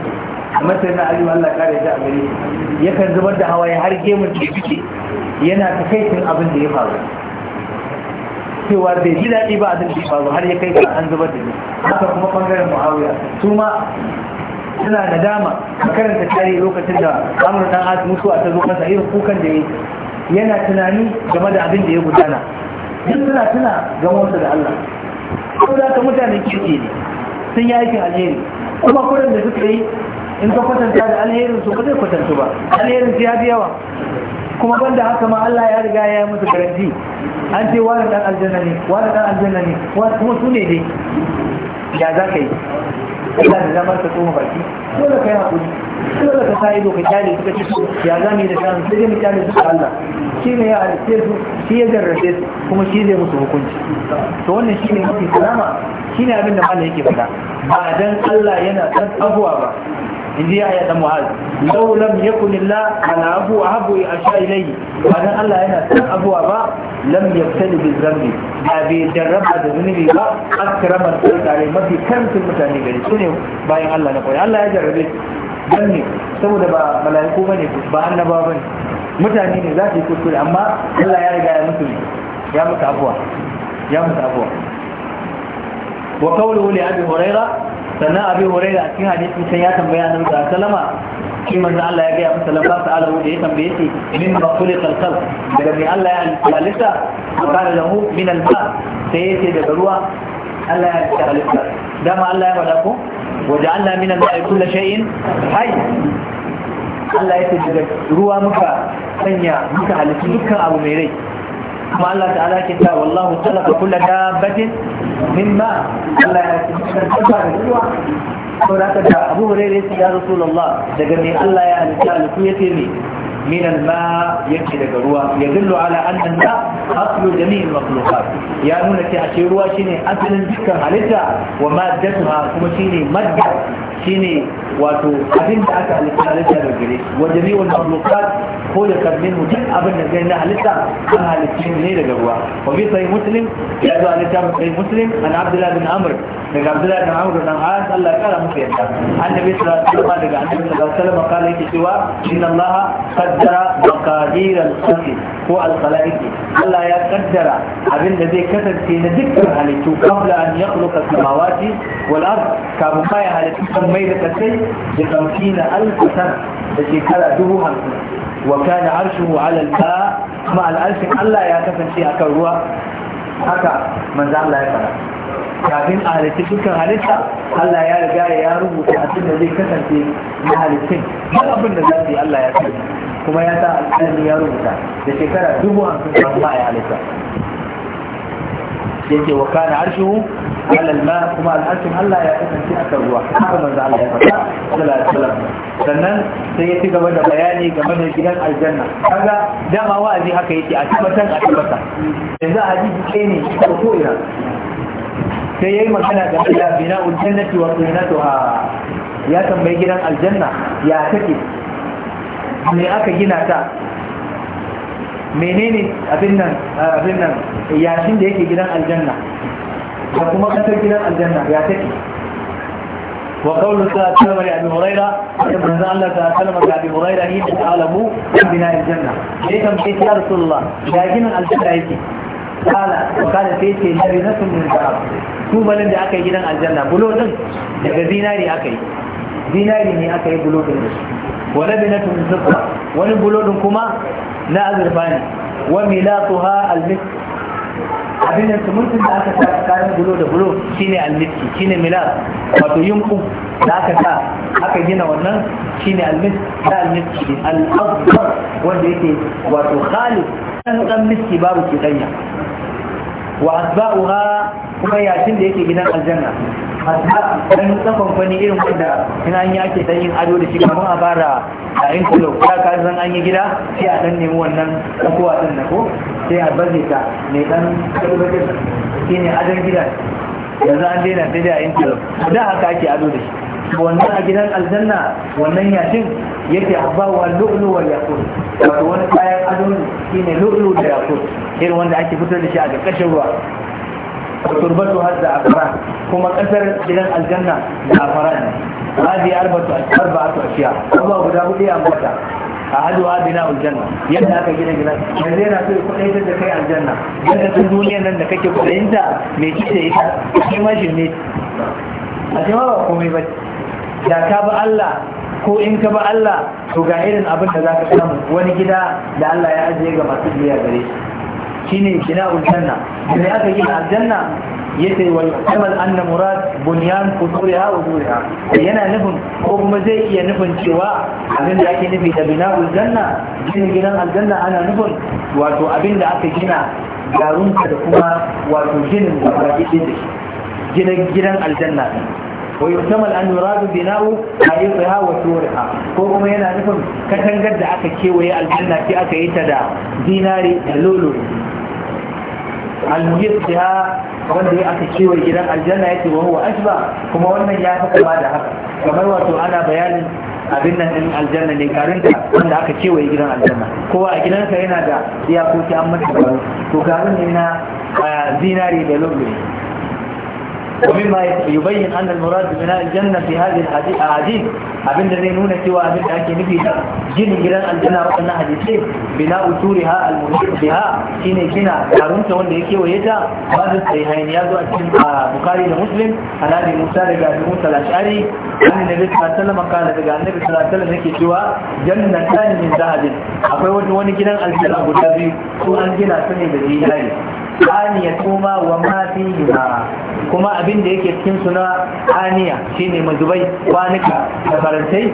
kamar sai na aliyu Allah kare ta a gare yakan zubar da hawaye har gemun ciki yana takaicin abin da ya faru cewa bai ji daɗi ba abin da faru har ya kai ga an zubar da ni haka kuma bangaren muawiya su ma suna nadama a karanta tarihi lokacin da amur dan as musu a ta zo kansa irin kukan da yi yana tunani game da abin da ya gudana duk suna tuna gamonsa da Allah ko da ka mutane kirki ne sun yi aikin alheri kuma kuren da suka yi in ka kwatanta da alherin su ba zai kwatantu ba alherin su ya fi yawa kuma banda haka ma Allah ya riga ya yi musu garanti an ce wani dan aljanna ne wani dan aljanna ne kuma su ne dai ya za ka yi Ina da zamar ka tsoma baki dole ka yi haƙuri dole ka sa ido ka kyale suka ci su ya za mu yi da shan sai dai mu kyale su Allah shi ne ya halitte su shi ya jarrabe su kuma shi zai musu hukunci to wannan shi ne mafi salama shi ne abin da malam yake faɗa ba dan Allah yana san abuwa ba inji ya ya dan muhaz law lam yakun illa ala abu ahabu asha Ba don Allah yana san abuwa ba lam yaftali bi zambi ba da jarraba da zunubi ba akrama tsare mafi karfin mutane gari sune bayan Allah na kwai Allah ya jarrabe dan ne saboda ba malaiku bane ba annaba bane mutane ne za su yi kuskure amma Allah ya riga ya musu ya mutu abuwa ya mutu abuwa وقوله لأبي هريرة sannan abin wurai da cikin hadisi sai ya tambaya nan da salama shi manzo Allah ya gaya masa lamba ta alahu da ya tambaye shi min ba kulli kalkal daga mai Allah ya halitta kana lahu min alma sai ya ce daga ruwa Allah ya halitta halitta dama Allah ya faɗa ko waja'alna min alma kulli shay'in hay Allah ya ce daga ruwa muka sanya muka halitta dukkan abu mai rai kuma Allah ta'ala ke ta wallahu talaka kullu dabbatin مما الله يسلمك أبو هريرة يا رسول الله دقني الله يا رسال كويتي من الماء يكي دقروا يدل على أن الماء أصل جميع المخلوقات يعني أنك أشيروا شيني أصل ذكر عليها ومادتها كما شيني مدى شيني واتو أبين تأتى لسنا لسنا بجري وجميع المخلوقات هو يكاد منه جن أبن نجي نها لسا أها لسنين نيرا جوا وفي صحيح مسلم يأذو على يتعب صحيح مسلم أنا عبد الله بن عمر نجا عبد الله بن عمر نعم آس الله كلا مفيدا عن نبي صلى الله عليه وسلم قال عن نبي صلى الله عليه وسلم قال إيكي سوا إن الله قدر مقادير الخلق هو الخلائق الله يقدر أبن نجي كثر سينا ذكر هل قبل أن يخلق السماوات والأرض كابو ما يحالي سمي لكسي da ألف سنة التي كان دوه همسين وكان عرشه على الماء Allah ya kasance a kan ruwa haka manzo Allah ya fara kafin a halitta dukkan halitta Allah ya riga ya rubuta abin da zai kasance na halittun duk abin da zai Allah ya sani kuma ya sa alƙalami ya rubuta da shekara dubu hamsin ba a halitta yake wa kana arshuhu alal ma kuma al'arshin Allah ya kasance a kan ruwa haka manzo Allah ya faɗa sallallahu alaihi sannan sai ya ci gaba da bayani game da gidan aljanna kaga dama wa'azi haka yake a tabbatan a tabbata yanzu a hadisi kai ne ko ina sai yayi magana game da bina'ul jannati wa qinatuha ya tambayi gidan aljanna ya take me aka gina ta menene abin nan yashin da yake gidan aljanna da kuma kasar gidan aljanna ya take wa kawo da salama da abu huraira a yi bunzan allah da salama da abu huraira yi da alamu a bina aljanna ya kan ce ya rasulullah ya gina aljanna yake kala da kala sai ce na sun nuna ta'ar tubalin da aka yi gidan aljanna bulo daga zinari aka yi zinari ne aka yi bulo din da shi wani bulo kuma na azurfa ne wa milatuha almisk abin da mutum da aka sa tsakanin bulo da bulo shine almiski shine milat wato yunku da aka sa aka gina wannan shine almisk da almiski al-azhar wanda yake wato khalid dan dan miski babu kidanya wa asba'uha kuma yashin da yake gidan aljanna hatta dan musamman fani irin wanda ina an ake dan yin ado da shi kamar a fara a in kulo ya ka san an yi gida sai a dan nemi wannan tsakuwa din na ko sai a baje ta mai dan kalbatin shi ne adon gidan yanzu an daina sai da in kulo da haka ake ado da shi wannan a gidan aljanna wannan yashin yake abawa lu'lu wal yakut wato wani kayan ado ne shine lu'lu da yakut irin wanda ake fitar da shi a ƙarƙashin ruwa turbatu hadda afara kuma kasar gidan aljanna da afara ne hadi arbatu arba'atu ashiya Allah guda hudu ya ambata ahaduha bina aljanna yadda aka gina gidan yanzu yana so ya kudai da kai aljanna yadda tun duniyan nan da kake kudayin ta me kike yi shi ma shi ne a ce ma ba komai ba da ka ba Allah ko in ka ba Allah to ga irin abin da za zaka samu wani gida da Allah ya ajiye ga masu biya gare shi shine bina'ul janna da aka yi aljanna yace wal amal anna murad bunyan quduriha wa duriha yana nufin ko kuma zai iya nufin cewa abin da ake nufi da bina janna ginin gidan aljanna ana nufin wato abin da aka gina garunka da kuma wato ginin da ba ki dinki ginin gidan aljanna ويحتمل Ko kuma yana nufin وسورها da aka kewaye كتنجد أكا aka yi ta da يتدى da اللولو al-muyyiha wanda ya aka kewa gidan aljanna yake wa huwa ashba kuma wannan ya fi kuma da haka kamar wato ana bayanin abin nan din aljanna ne karin wanda aka kewaye gidan aljanna kowa a gidansa yana da iyakoki an masa to garin ne na ah, zinare da lullube ومما يبين أن المراد بناء الجنة في هذه الحديث أبن دينون سوى أبن أكي نبي جن جلال الجنة رأينا حديثين بناء سورها المحيط بها كين كنا كارونت وان يكي ويجا بعض الصحيحين يازو أكين بخاري لمسلم عن أبي موسى لقى موسى الأشعري أن النبي صلى الله عليه وسلم قال لقى النبي صلى الله عليه وسلم يكي سوى جنة ثاني من ذهب أقول وان جلال الجنة أبو دابي سوى الجنة سنة ثاني aniya kuma wa mafi fihima kuma abin da yake cikin suna aniya shine mazubai kwanuka da farantai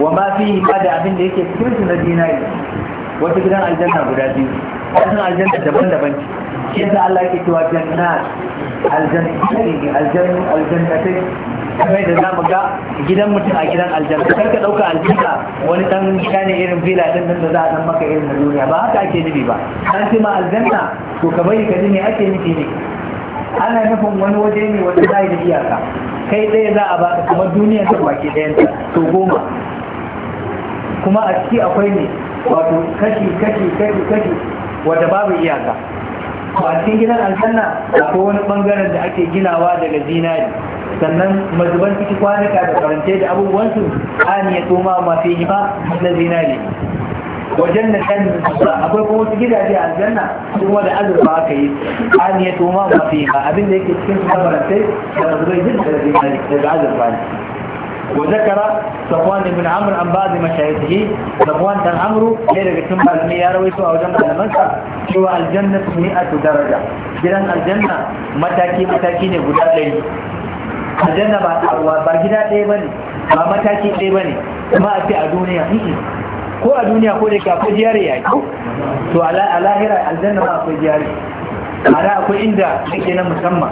wa mafi fihima da abin da yake cikin suna dinari wata gidan aljanna guda biyu wasu aljanna daban-daban ce shi yasa Allah yake cewa jannat aljanna aljanna aljanna kamar da za mu ga gidan mutum a gidan aljanna kar ka ɗauka aljanna wani ɗan gida ne irin villa din nan da za a ɗan maka irin na duniya ba haka ake nufi ba an ce ma aljanna to ka bari ka ake nufi ne ana nufin wani waje ne wanda za da iyaka kai ɗaya za a baka kuma duniyar ta baki ɗayan to goma kuma a ciki akwai ne wato kashi kashi kashi kashi wanda babu iyaka a cikin gidan aljanna akwai wani bangaren da ake ginawa daga zinari sannan mazuban ciki kwanaka da karance da abubuwansu an ya koma mafi hima na zinari wajen da kan akwai kuma wasu gidaje a aljanna kuma da azurfa aka yi an ya koma mafi hima abin da yake cikin kabarantai da mazubai jin da zinari daga azurfa ne وذكر صفوان بن عمرو عن بعض مشايخه صفوان بن عمرو غير كتم بالمي يا روي سو اوجن على منسا شو الجنة 100 درجة جيران الجنة متاكي متاكي ne guda ɗari aljanna ba ruwa ba gida ɗaya bane ba mataki ɗaya bane kuma a ce a duniya ko a duniya ko da ke akwai jiyare ya ke? to a lahira aljanna ma akwai A da akwai inda ake na musamman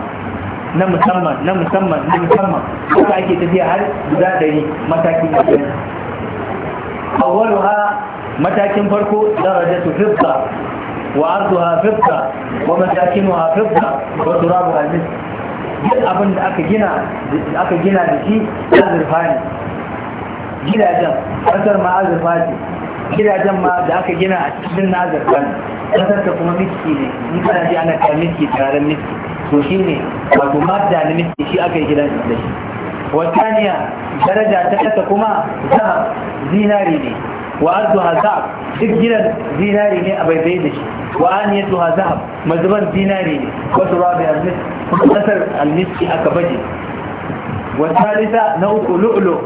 na musamman na musamman na musamman haka ake tafiya har guda ɗari matakin waru awwaluha matakin farko darajatu fifta wa arduha fifta wa wa fifta wa turabuha misk duk abin da aka gina aka gina da shi azurfa ne gidajen kasar ma azurfa ce gidajen ma da aka gina a cikin na azurfa ne ta kuma miski ne in kana ji ana kai miski taron miski to shi ne wato da na miski shi aka yi gidan da shi wataniya daraja ta kasa kuma zaha zinari ne wa ardu zahab duk gidan zinari ne a baibai da shi wa aniyatu zahab mazuban zinari ne wa turabi almis kasar almiski aka baje wa salisa na uku luulu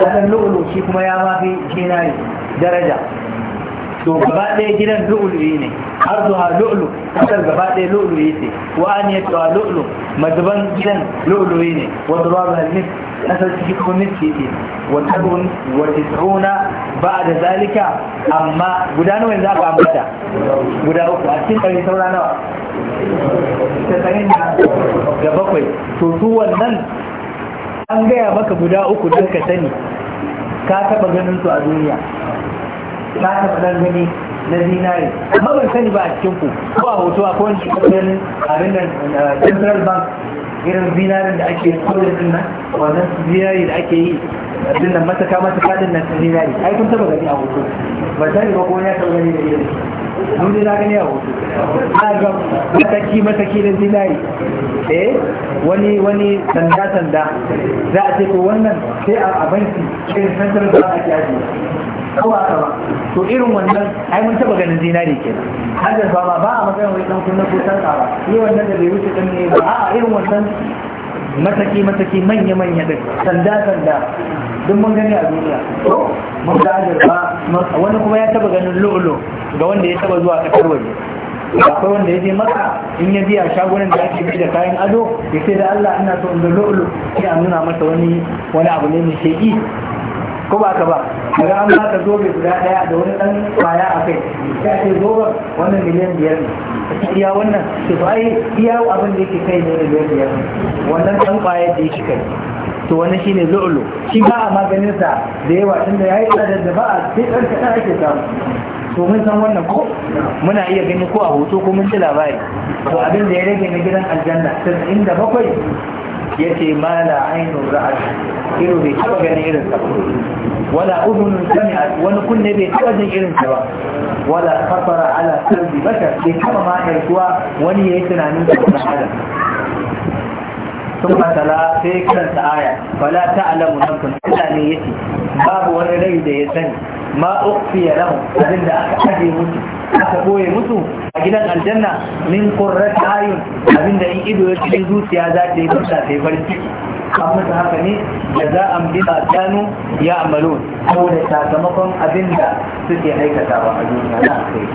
dan shi kuma ya mafi zinari daraja to gaba ɗaya gidan lu'ulu'i ne har zuwa lu'ulu kasar gaba ɗaya lu'ulu'i ce wa an yi tuwa lu'ulu mazuban gidan lu'ulu'i ne wa zuwa ga halmis kasar ciki ko niski ce wa tabun wa tis'una ba da zalika amma guda nawa za ka ambata guda uku a cikin ɗari saura nawa tasa'in da bakwai to su wannan an gaya maka guda uku don ka sani ka taɓa ganin su a duniya ta taɓa gani na zinari amma ban sani ba a cikin ku ko a hoto a kowane cikin abin nan eh, central bank irin zinarin da ake kore din nan wannan zinari da ake yi din nan mataka mataka din nan zinari ai kun taɓa gani a hoto ban sani ba ko wani ya taɓa gani da iya mun ne na gani a hoto na ga mataki mataki na zinari eh wani wani sanda sanda za a ce ko wannan sai a banki irin central bank ake ajiye kawa kawa to irin wannan ai mun taba ganin zinari kenan har da ba ba a matsayin wai dan kunna ko sarka ba yi wannan da bai wuce kan ne ba a irin wannan mataki mataki manya manya da sanda sanda duk mun gani a duniya to mun ga ba wani kuma ya taba ganin lulu ga wanda ya taba zuwa kasar waje akwai wanda ya je maka in ya biya shagunan da ake bi da kayan ado ya ce da Allah ina so in ga lulu sai a nuna masa wani wani abu ne mai sheki ko ba ka ba daga an ba ka zobe guda daya da wani dan kwaya a kai ya ce zoben wannan miliyan biyar ne iya wannan ce ba yi iya abin da yake kai ne miliyan biyar biyar wannan dan kwaya da yake kai to wani shi ne lo'olo shi ba a maganin sa da yawa tunda ya yi tsada da ba a sai dan kaɗan ake samu to mun san wannan ko muna iya gani ko a hoto ko mun ci labari to abin da ya rage na gidan aljanna inda bakwai. ya ce ma la ainihin ra'ad ido bai taba ganin irin sa wala udunun sami'at wani kunne bai taba jin irin sa ba wala kafara ala kalbi bashar bai taba ma aikuwa wani ya yi tunanin da na adam sun fatala sai karanta aya fala ta'lamu nafsun Allah ne ya ce, babu wani rai da ya sani ma fiye lahu abinda aka ajiye mutu. aka boye mutu, a gidan aljanna min qurrat ayun abinda in ido ya cikin zuciya za ta yi fuska ta yi barci amma ta haka ne da za a bima kanu ya amalo saboda sakamakon abinda suke aikata aikatawa a duniya na akai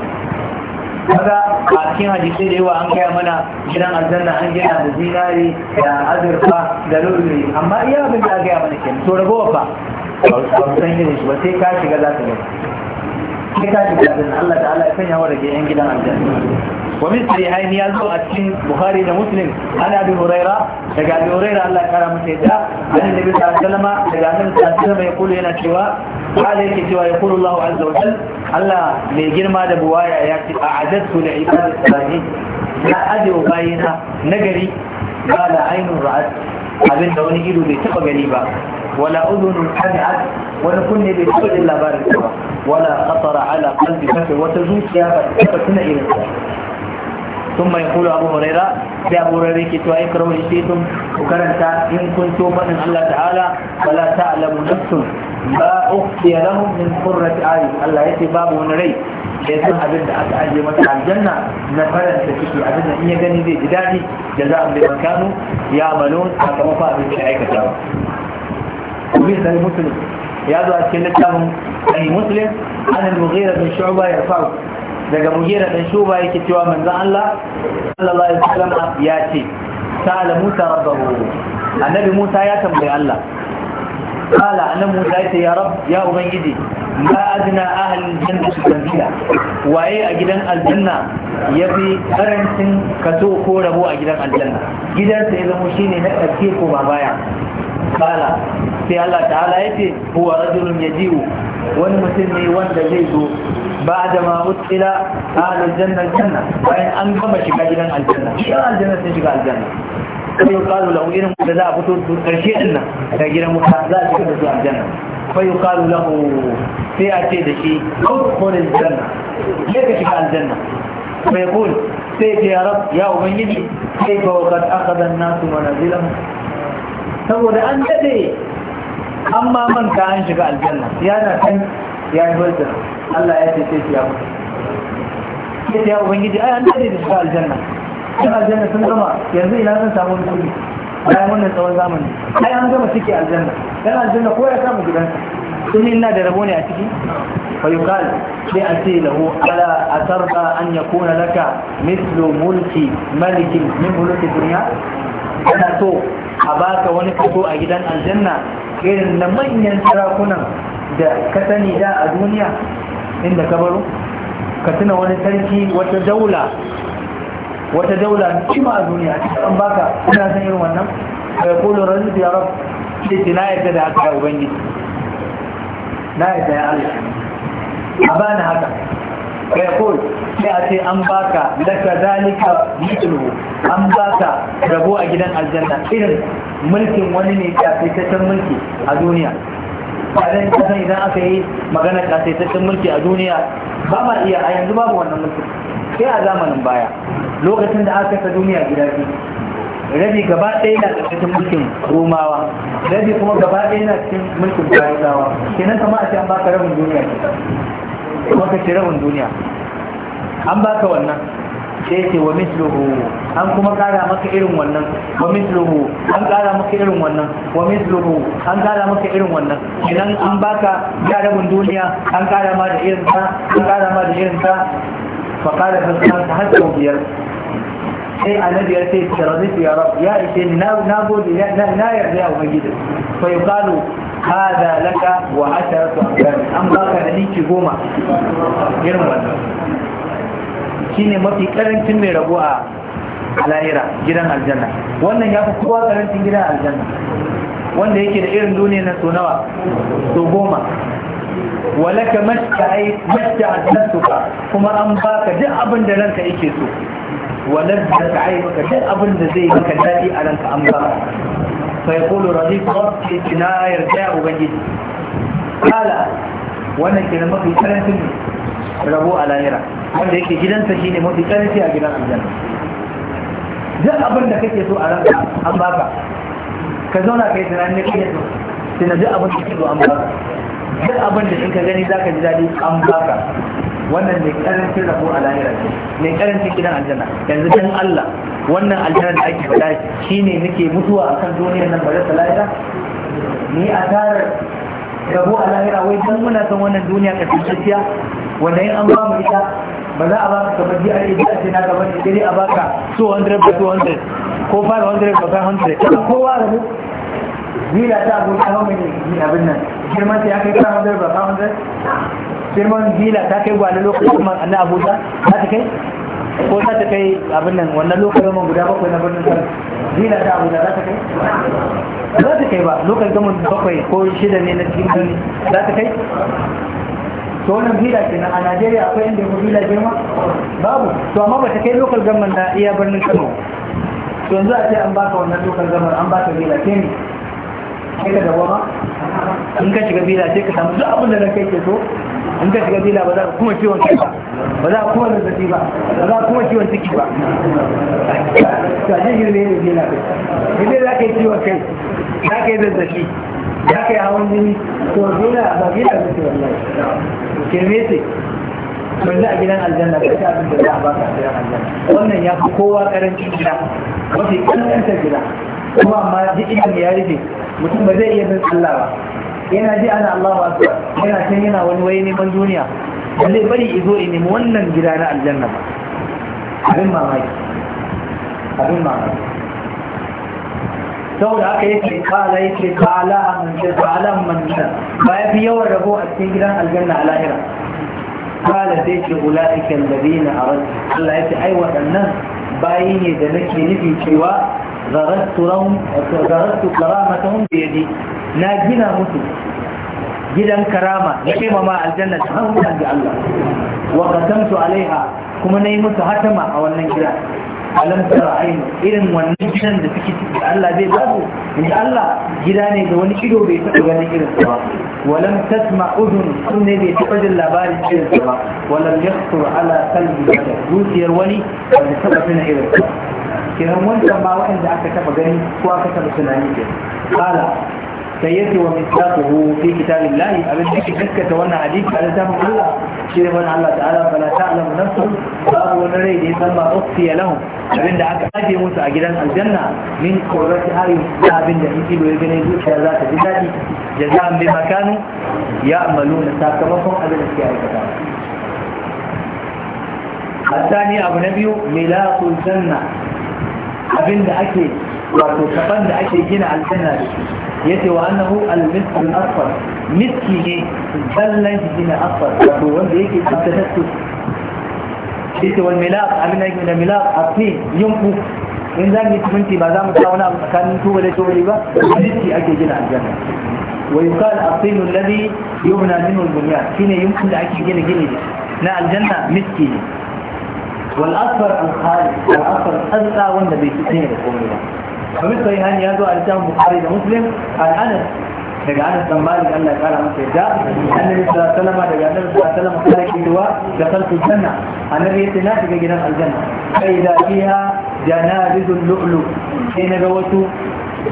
kaga a cikin hadisi da yawa an gaya mana gidan aljanna an gina da zinari da azurfa da lulluyi amma iya abin da aka gaya mana kenan to ragowa ba ba san yin shi ba sai ka shiga za ka gani sai ka Allah ya wa rage gidan aljanna wa min sai ya zo a cikin Bukhari da Muslim Ana Abi Huraira daga Abi Huraira Allah ya kara masa yadda annabi sallallahu alaihi wasallam daga annabi sallallahu alaihi wasallam ya Kulu, yana cewa قال يكي سوى يقول الله عز وجل ألا ميجر ما دبوايا ياتي أعددت لعباد الصالحين لا أدعو باينا نجري قال عين رأت abin da wani ido bai taba gani ba wala udhun hami'at wani kunne bai taɓa jin labarin ta ba wala khatara ala qalbi kafi wata zuciya ba ta tuna irin ta ثم يقول أبو هريرة في أبو هريرة كتوا اقرأوا إشيتم وكرنتا إن كنتم من الله تعالى فلا تعلم نفس ما أخفي لهم من قرة أعين الله يأتي باب ونري يسمع أبن أتعجي متع الجنة نفرا تشكي أبن إن يغني ذي جدادي جزاء بما كانوا يعملون أكما فأبن شعيك تعالى ومن سنة مسلم يادو أسكين لكم أي مسلم عن المغيرة بن شعبة يرفعه لقى مغيرة بن شعبة يكتوى من ذا الله صلى الله عليه وسلم ياتي سأل موسى ربه النبي موسى ياتم الله قال أنا موسى يا رب يا أبنجدي ما أدنى أهل الجنة تنزيلا وأي أجدان الجنة يبي قرنس كسوء كوربو أجدان الجنة جدان سيزمو شيني نتأكيكو ما بايع kala sai Allah ta'ala yace huwa rajulun yaji'u wani mutum ne wanda zai zo ba da ma utsila ahlul janna janna bayan an gama shiga gidan aljanna shi gidan aljanna sun shiga aljanna sai Kalu lahu irin da za a fito karshe din nan da gidan mutane za a shiga da su aljanna Kalu da sai sai a ce shi. فيقال له في أتيت شيء ادخل الجنة ليك شفاء الجنة فيقول سيك يا رب يا أبنيتي كيف وقد أخذ الناس منازلهم saboda an daɗe an ma ka an shiga aljanna yana kan ya yi wajen Allah ya ce sai ya mutu ya ce ya ubangiji ai an dade da shiga aljanna cikin aljanna sun gama yanzu ina zan samu wani kudi bayan wannan tsawon zamani ai an gama ciki aljanna dan aljanna ko ya samu gidansa sun ina da rabo ne a ciki Sai فيقال لأتي له ألا أترضى أن يكون لك مثل mulki ملك min ملوك duniya? Ana so. a baka wani fito a gidan aljanna irin na manyan sarakunan da ka sani da a duniya inda ka baro ka tuna wani sarki wata daula wata daula cima a duniya an baka kuna san irin wannan ka kolo razu ya rab sai ce na yadda da haka ya ubangiji na yadda ya Allah a bani haka فيقول يأتي أنباك لك ذلك مثله أنباك ربوع جدا الجنة إذن ملك الدنيا بعدين إذا الدنيا إيا دباب وانا ملك sai a zamanin baya lokacin da aka ta duniya gida biyu rabi gaba ɗaya na ƙarƙashin mulkin romawa rabi kuma gaba ɗaya na cikin mulkin farisawa kenan kama a ce an baka rabin duniya kuma ka duniya an baka wannan sai ce wa misluhu an kuma kara maka irin wannan wa misluhu an kara maka irin wannan wa misluhu an kara maka irin wannan idan an baka ya rabin duniya an kara ma da irin ta an kara ma da irin ta fa kara da san ta har sau biyar sai annabi ya sai ta razitu ya rab ya ishe ni na gode na yarda ya ubangiji fa yuqalu hada laka wa asharatu amsal an baka da ninki goma irin wannan shine mafi karancin mai rabo a lahira gidan aljanna wannan ya fi kowa karancin gidan aljanna wanda yake da irin duniya na so nawa so goma walaka masta'adnatuka kuma an baka duk abin da ranka yake so walar da ka ai maka abin da zai maka dadi a ranka an فيقول رضيت ربي لا يرجع بجد قال وانا كلمة في ثلاث ربو على هرا wanda yake gidansa shi mafi karanci a gidan aljanna duk abin da kake so a ranka an baka ka zauna kai tunanin ne kake so sai na duk abin da kake so an baka duk abin da in ka gani za ka ji daɗi an baka wannan mai karancin rabo a lahira ce mai karancin gidan aljanna yanzu dan Allah wannan aljanna da ake faɗa ne nake mutuwa a kan duniyar nan ba ta lahira ni a tarar rabo a lahira wai dan muna son wannan duniya ka tsirciya wanda in an ba mu ita ba za a baka kamar ji a da a ce na gaban da dare a baka 200 ba 200 ko 500 ba 500 kowa rabo zila ta abu ta hau abin nan girman ta ya kai kan hundar ba kan hundar girman zila ta kai gwanin lokacin man annan abuja za ta kai ko za ta kai abin nan wannan lokacin man guda bakwai na birnin kan zila ta abuja za ta kai za ta kai ba lokacin gaman bakwai ko shida ne na cikin birni za ta kai to wannan villa kenan a Najeriya akwai inda yafi villa girma babu to amma ba ta kai lokacin gaman na iya birnin Kano to yanzu a ce an baka wannan lokacin gaman an baka villa ke ne sai ka gaba ma in ka shiga bila sai ka samu duk abin da na kai ke so in ka shiga bila ba za ka kuma ciwon kai ba ba za ka kuma zazzafi ba ba za ka kuma ciwon ciki ba to sajin girme ne bila kai bila za ka yi ciwon kai za ka yi zazzafi, za ka yi hawan jini to bila ba bila ba ce wallahi girme ce yanzu a gidan aljanna ba ta abin da za a baka a gidan aljanna wannan ya fi kowa karancin gida mafi ƙanƙantar gida kuma amma duk ilimin ya rufe mutum ba zai iya bin Allah ba yana ji ana Allahu akbar yana can yana wani waye neman duniya ba zai bari izo in nemi wannan gida na aljanna ba abin mamaki abin mamaki saboda haka yake kala yake kala a manzan kala manzan ba ya fi yawan rabo a cikin gidan aljanna a lahira kala zai ce ula'ikan da na a wasu Allah ya ce ai waɗannan bayi ne da nake nufi cewa zarattu karamatahum bi yadi na gina musu gidan karama na taimama aljanna ta hannun da Allah wa qatamtu alaiha kuma nayi musu hatama a wannan gida alam tara ainu irin wannan gidan da suke ciki Allah zai ba su inda Allah gida ne da wani ido bai taɓa ganin irin sa ba walam tasma udun sun ne bai taɓa jin labarin irin sa ba walam yakhtur ala qalbi zuciyar wani ba ta taɓa tuna irin sa Kiran wancan ba waɗanda aka taba gani ko aka taba tunani ke kala sai ya ce wa misaquhu fi kitabillahi abin da ke gaskata wannan hadisi a littafin Allah shi Allah ta'ala fala ta'lamu nafsu babu wani rai da ya san ba ukhfiya lahum abin da aka ajiye musu a gidan aljanna min qurrati ayun abin da ido ya gane zuciya za ta ji daɗi jaza'an bi makanu ya'maluna sakamakon abin da suke aikata الثاني أبو نبيو ملاك الجنة abin da ake wato kaban da ake gina aljanna da shi ya ce wa annahu al-misl al-asfar miski ne ballan gina asfar wato wanda yake tsaftatu yace wal milaq abin da yake da milaq atin yunku in za mu yi tuminti ba za mu sa wani abu tsakanin tuba da tuba ba miski ake gina aljanna wa yuqal atin alladhi yubna minhu al-bunyan shine yunkun da ake gina gini na aljanna miski ne والأكبر الخالق والأكبر الأزقى والنبي سبحانه وتعالى فمثل هذه يدعو على الجامعة البخاري ومسلم قال أنس لك أنس بن مالك أن قال عن سيدا أن النبي صلى الله عليه وسلم قال أن النبي صلى الله عليه وسلم قال لك دواء دخلت الجنة أن النبي يتناسك جنان الجنة فإذا فيها جنابذ اللؤلؤ حين جوته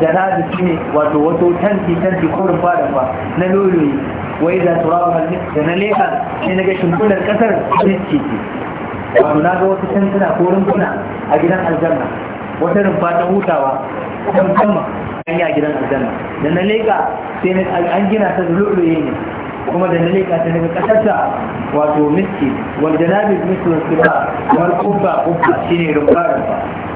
جنابذ الجنة وجوته تنتي تنتي كل فارغة نلؤلؤي وإذا تراب المسك جنليها حين جشن كل الكسر نسكيتي wato na ga wata can tantuna ko rumfuna a gidan aljanna wata rumfa ta hutawa ta musamman an yi a gidan aljanna da na leƙa sai an gina ta zululuye ne kuma da na leƙa ta daga ƙasarta wato miski wanda na bi miski mislu sifa kamar kubba kubba shi ne rumfa rumfa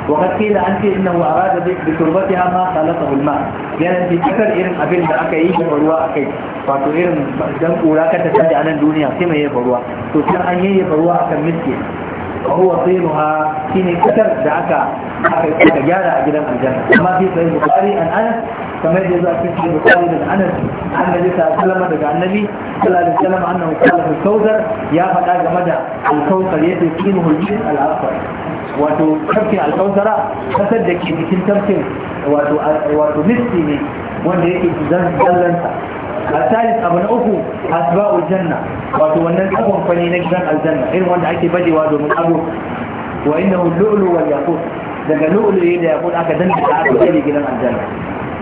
وقد قيل أنت إنه أراد بتربتها ما خلقه الماء يعني في أكثر إرم أبن أكي بروا أكي فاتو إرم دم أولاك تتجعنا الدنيا كما هي بروا تتجعنا هي بروا أكا مسكي هو طينها شيني كتر دعك aka gyara a gidan aljanna amma fi sahih bukhari an anas kamar da zuwa cikin sahih bukhari da anas annabi sallallahu alaihi daga annabi sallallahu alaihi wasallam annahu qala fil kawthar ya faɗa game da al-kawthar yadda kinu hujjin al-asfar wato tafkin al-kawthara kasar da ke cikin tafkin wato wato misti ne wanda yake zan الثالث أبو نأفو أسباء الجنة وتونن أبو فنين جنة الجنة إن وانت أكي بدي وادو من أبو وإنه اللؤلؤ والياقوت daga lu'ulu'i da yaqut aka danta ta aka kai gidan aljanna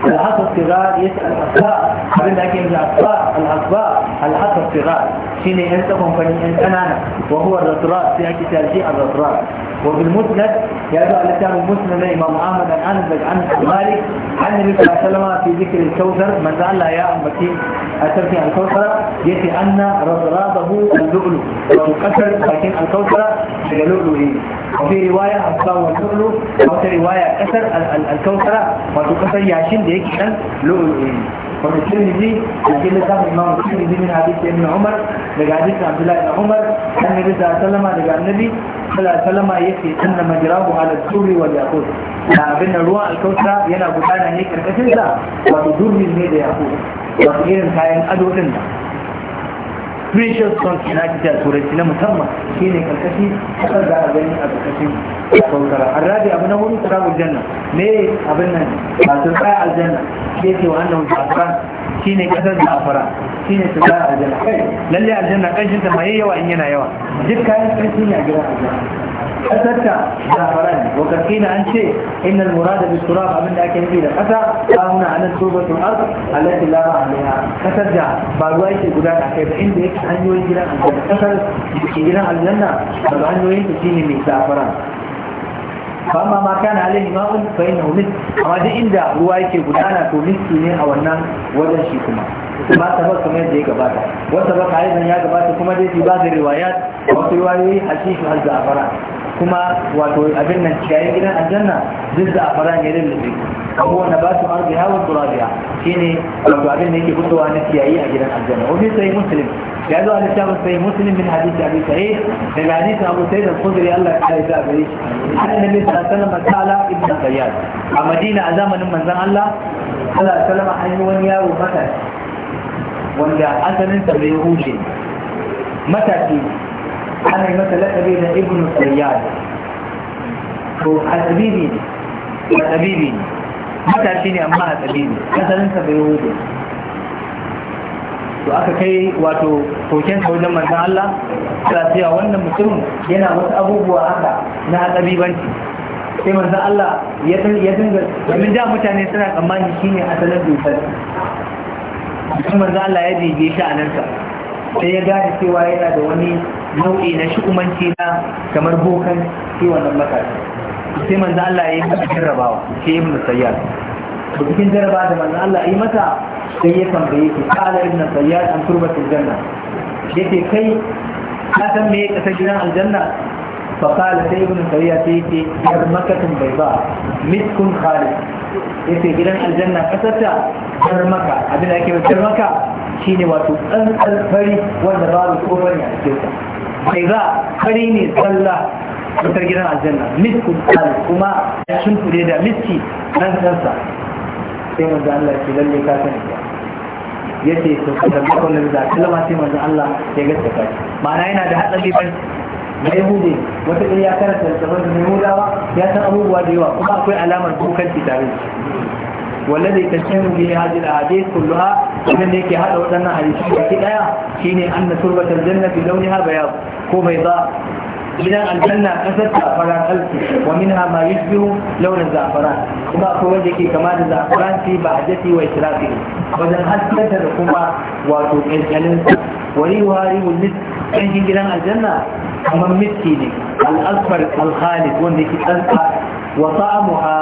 العصر الصغار يسأل أصباء قبل ذلك يمزع أصباء الأصباء العصر الصغار شيني أنت كمفني أنت أنا وهو الرطرات في هكي تارجي الرطرات وبالمسند يدعو على تام المسند إمام أحمد عن عن عن مالك عن النبي صلى الله عليه وسلم في ذكر الكوثر من ذا الله يا أمتين أثرت عن الكوثر يتي أن رطراته اللؤلؤ وهو قصر لكن الكوثر اللؤلؤ wata riwaya a sa wa wata riwaya kasar alkautara wato kasar yashin da yake kan eh, wata turmizi a cikin lissafin imamu turmizi min hadisi ibn umar daga hadisi abdullahi umar dan nabi da salama daga annabi sala salama yake tunna majrahu ala turi wal yaqut da abin da ruwan alkautara yana gudana ne karkashin sa wato turmizi ne da yaqut wato irin kayan ado din nan precious stones na kita turanci na musamman shi ne karkashi kasar da a gani a karkashin saukara arrabi abu na hudu tsara aljanna ne abin nan ba su tsaya aljanna shi yake wa annan jafaran shine kasar da afara shine su za a aljanna lalle aljanna kanshin ta mai yawa in yana yawa duk kayan kanshi ne a gidan aljanna Kasar ta da afara ne wa kaskina an ce inna al-murada bi turab abin da ake nufi da kasa ta huna anan turbatul ard allati la ba alaiha kasar da ba ruwa yake guda a kai ba inda yake hanyoyin gidan aljanna kasar da ke gidan aljanna daga hanyoyin ta shine mai safara fama ma ma kana alaihi ma'un fa na mis amma duk inda ruwa yake gudana to miski ne a wannan wajen shi kuma kuma sabab kamar yadda ya gabata wata ba zan ya gabata kuma dai ba da riwaya wasu riwayoyi shi har za'afara kuma wato abin nan ciyayin gidan aljanna duk za'afara ne da lubi هو turabiya shine wato abin da yake fitowa na ciyayi a gidan aljanna وفي sai مسلم قالوا قال الشاب في مسلم من حديث أبي سعيد في حديث أبو سعيد الخدري الله تعالى يسأل بريش عن النبي صلى الله عليه وسلم قال ابن الزياد المدينة عزاما من زمان الله صلى الله عليه وسلم حي ونيا ومتى ونيا حسن sa bai huce mataki ana yi masa ابن da وحبيبي حبيبي متى فيني اما حبيبي حسن matashi ne to aka kai wato koken sa wajen manzon Allah ta cewa wannan mutum yana wasu abubuwa haka na banci. sai manzan Allah ya ya dinga domin da mutane suna tsammani shine asalin dusar mutum manzan Allah ya bibiye shi a nan sa sai ya gane cewa yana da wani nau'i na shukumanci na kamar bokan shi wannan matashi sai manzan Allah ya yi jarrabawa shi ibn Sayyad da cikin jaraba da manzon Allah yi mata sai ya tambaye ki qala ibn sayyad an turbat janna. yace kai ka san me kasar gidan aljanna fa qala sai ibn sayyad yace bai bayda miskun khalid yace gidan aljanna kasarta maka abin da ake ba maka shine wato dan fari wanda babu kofar ya cikin Sai za fari ne tsalla wutar gidan aljanna miskun khalid kuma ya shimfide da miski nan kansa sai manzo Allah ya ce lalle ka sani ya ce to sabbi ko lalle da kalma sai manzo Allah ya gaskata ma'ana yana da hadari ban da yahudi wata ɗaya ya karanta littafin da yahudawa ya san abubuwa da yawa kuma akwai alamar kukan tare والذي تشمل به هذه الاحاديث كلها من هيك هذا ودنا حديث كده شيء ان تربه الجنه بلونها بياض هو بيضاء gidan aljanna kasar zafaran alki wa minha ma yushbihu launa zafaran kuma akwai wanda yake kama da zafaran fi ba'dati wa israfi wajen haskata da kuma wato kankanin wani wari mulis kankin gidan aljanna kamar miski ne al-asfar wanda yake tsantsa wa ta'amuha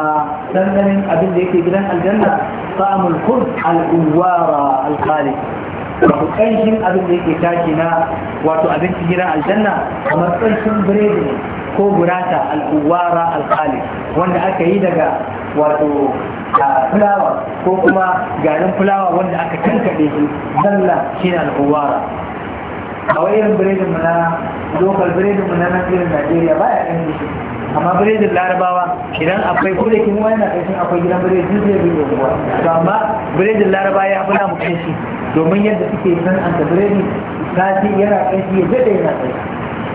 sandanin abin da yake gidan aljanna ta'amul kurd al-uwara wato ƙanshin abin da yake tashi na wato abinci gidan aljanna kamar ƙanshin biredi ne ko gurata al'uwara alƙali wanda aka yi daga wato fulawa ko kuma garin fulawa wanda aka kankaɗe shi zalla shi ne al'uwara a biredin mu na biredin mu na nasirin ba ya ɗan shi amma biredin larabawa idan akwai ko da kin wani na ƙarshen akwai gidan biredin zai bi yawuwa to amma biredin laraba ya fi namu ƙanshi domin yadda suke san an biredi sati yana ƙanshi ya daɗe yana ƙanshi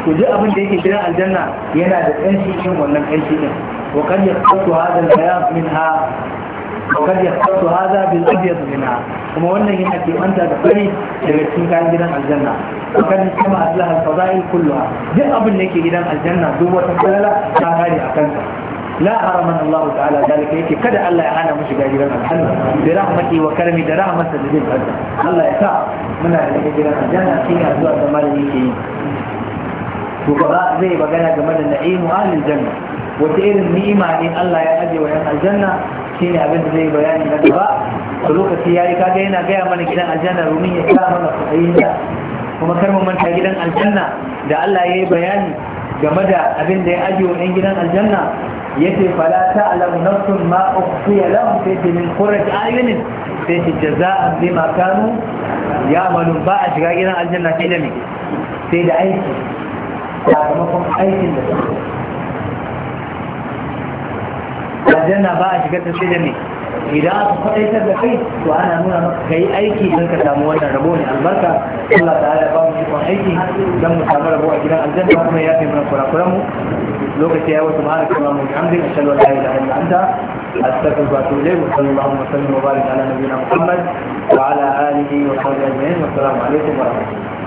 to duk abin da yake gidan aljanna yana da ƙanshi irin wannan ƙanshi ɗin wa kan ya kasu hadal bayan min ha وقد يختص هذا بالابيض kuma wannan yana هنا da انت تقري cikin كان جدا aljanna. وكان كما أهلها الفضائل كلها جاء أبن نكي إلى الجنة دوة الدلالة لا هاري أكنتها لا حرمنا الله تعالى ذلك يكي كذا الله يعانا مش جاجرا الحلم برحمتي وكرمي درحمة تجد الجنة الله يسع منا جاجرا الجنة فيها أزواء زمان يكي وقضاء زي بقنا جمال النعيم وأهل الجنة وتقيل النعيمة إن الله يأجي ويأم الجنة shine abin da zai bayani na gaba a lokaci yayi kaga yana gaya mana gidan aljanna domin ya sa mana kuɗi kuma kar manta gidan aljanna da Allah ya yi bayani game da abin da ya ajiye wa 'yan gidan aljanna yace fala ta'lamu nafsun ma ukhfiya lahum fi min qurrati ayunin sai ce jaza'an bima kanu ya'malun ba a shiga gidan aljanna sai da me sai da aiki sakamakon aikin da suka aljanna ba a shiga ta sai da me idan aka faɗaitar da kai to ana nuna maka kai aiki don ka samu wannan rabo ne albarka Allah ta ala ba mu ikon aiki don mu samu rabo a gidan aljanna kuma ya fi mana kurakuran mu lokaci ya wasu ma'ana kuma mu hamdi a shalwa la ilaha illa anta astaghfiruka wa atubu ilayk wa ba mu musamman ba da ala na muhammad wa ala alihi wa sahbihi ajma'in wa assalamu alaikum wa rahmatullahi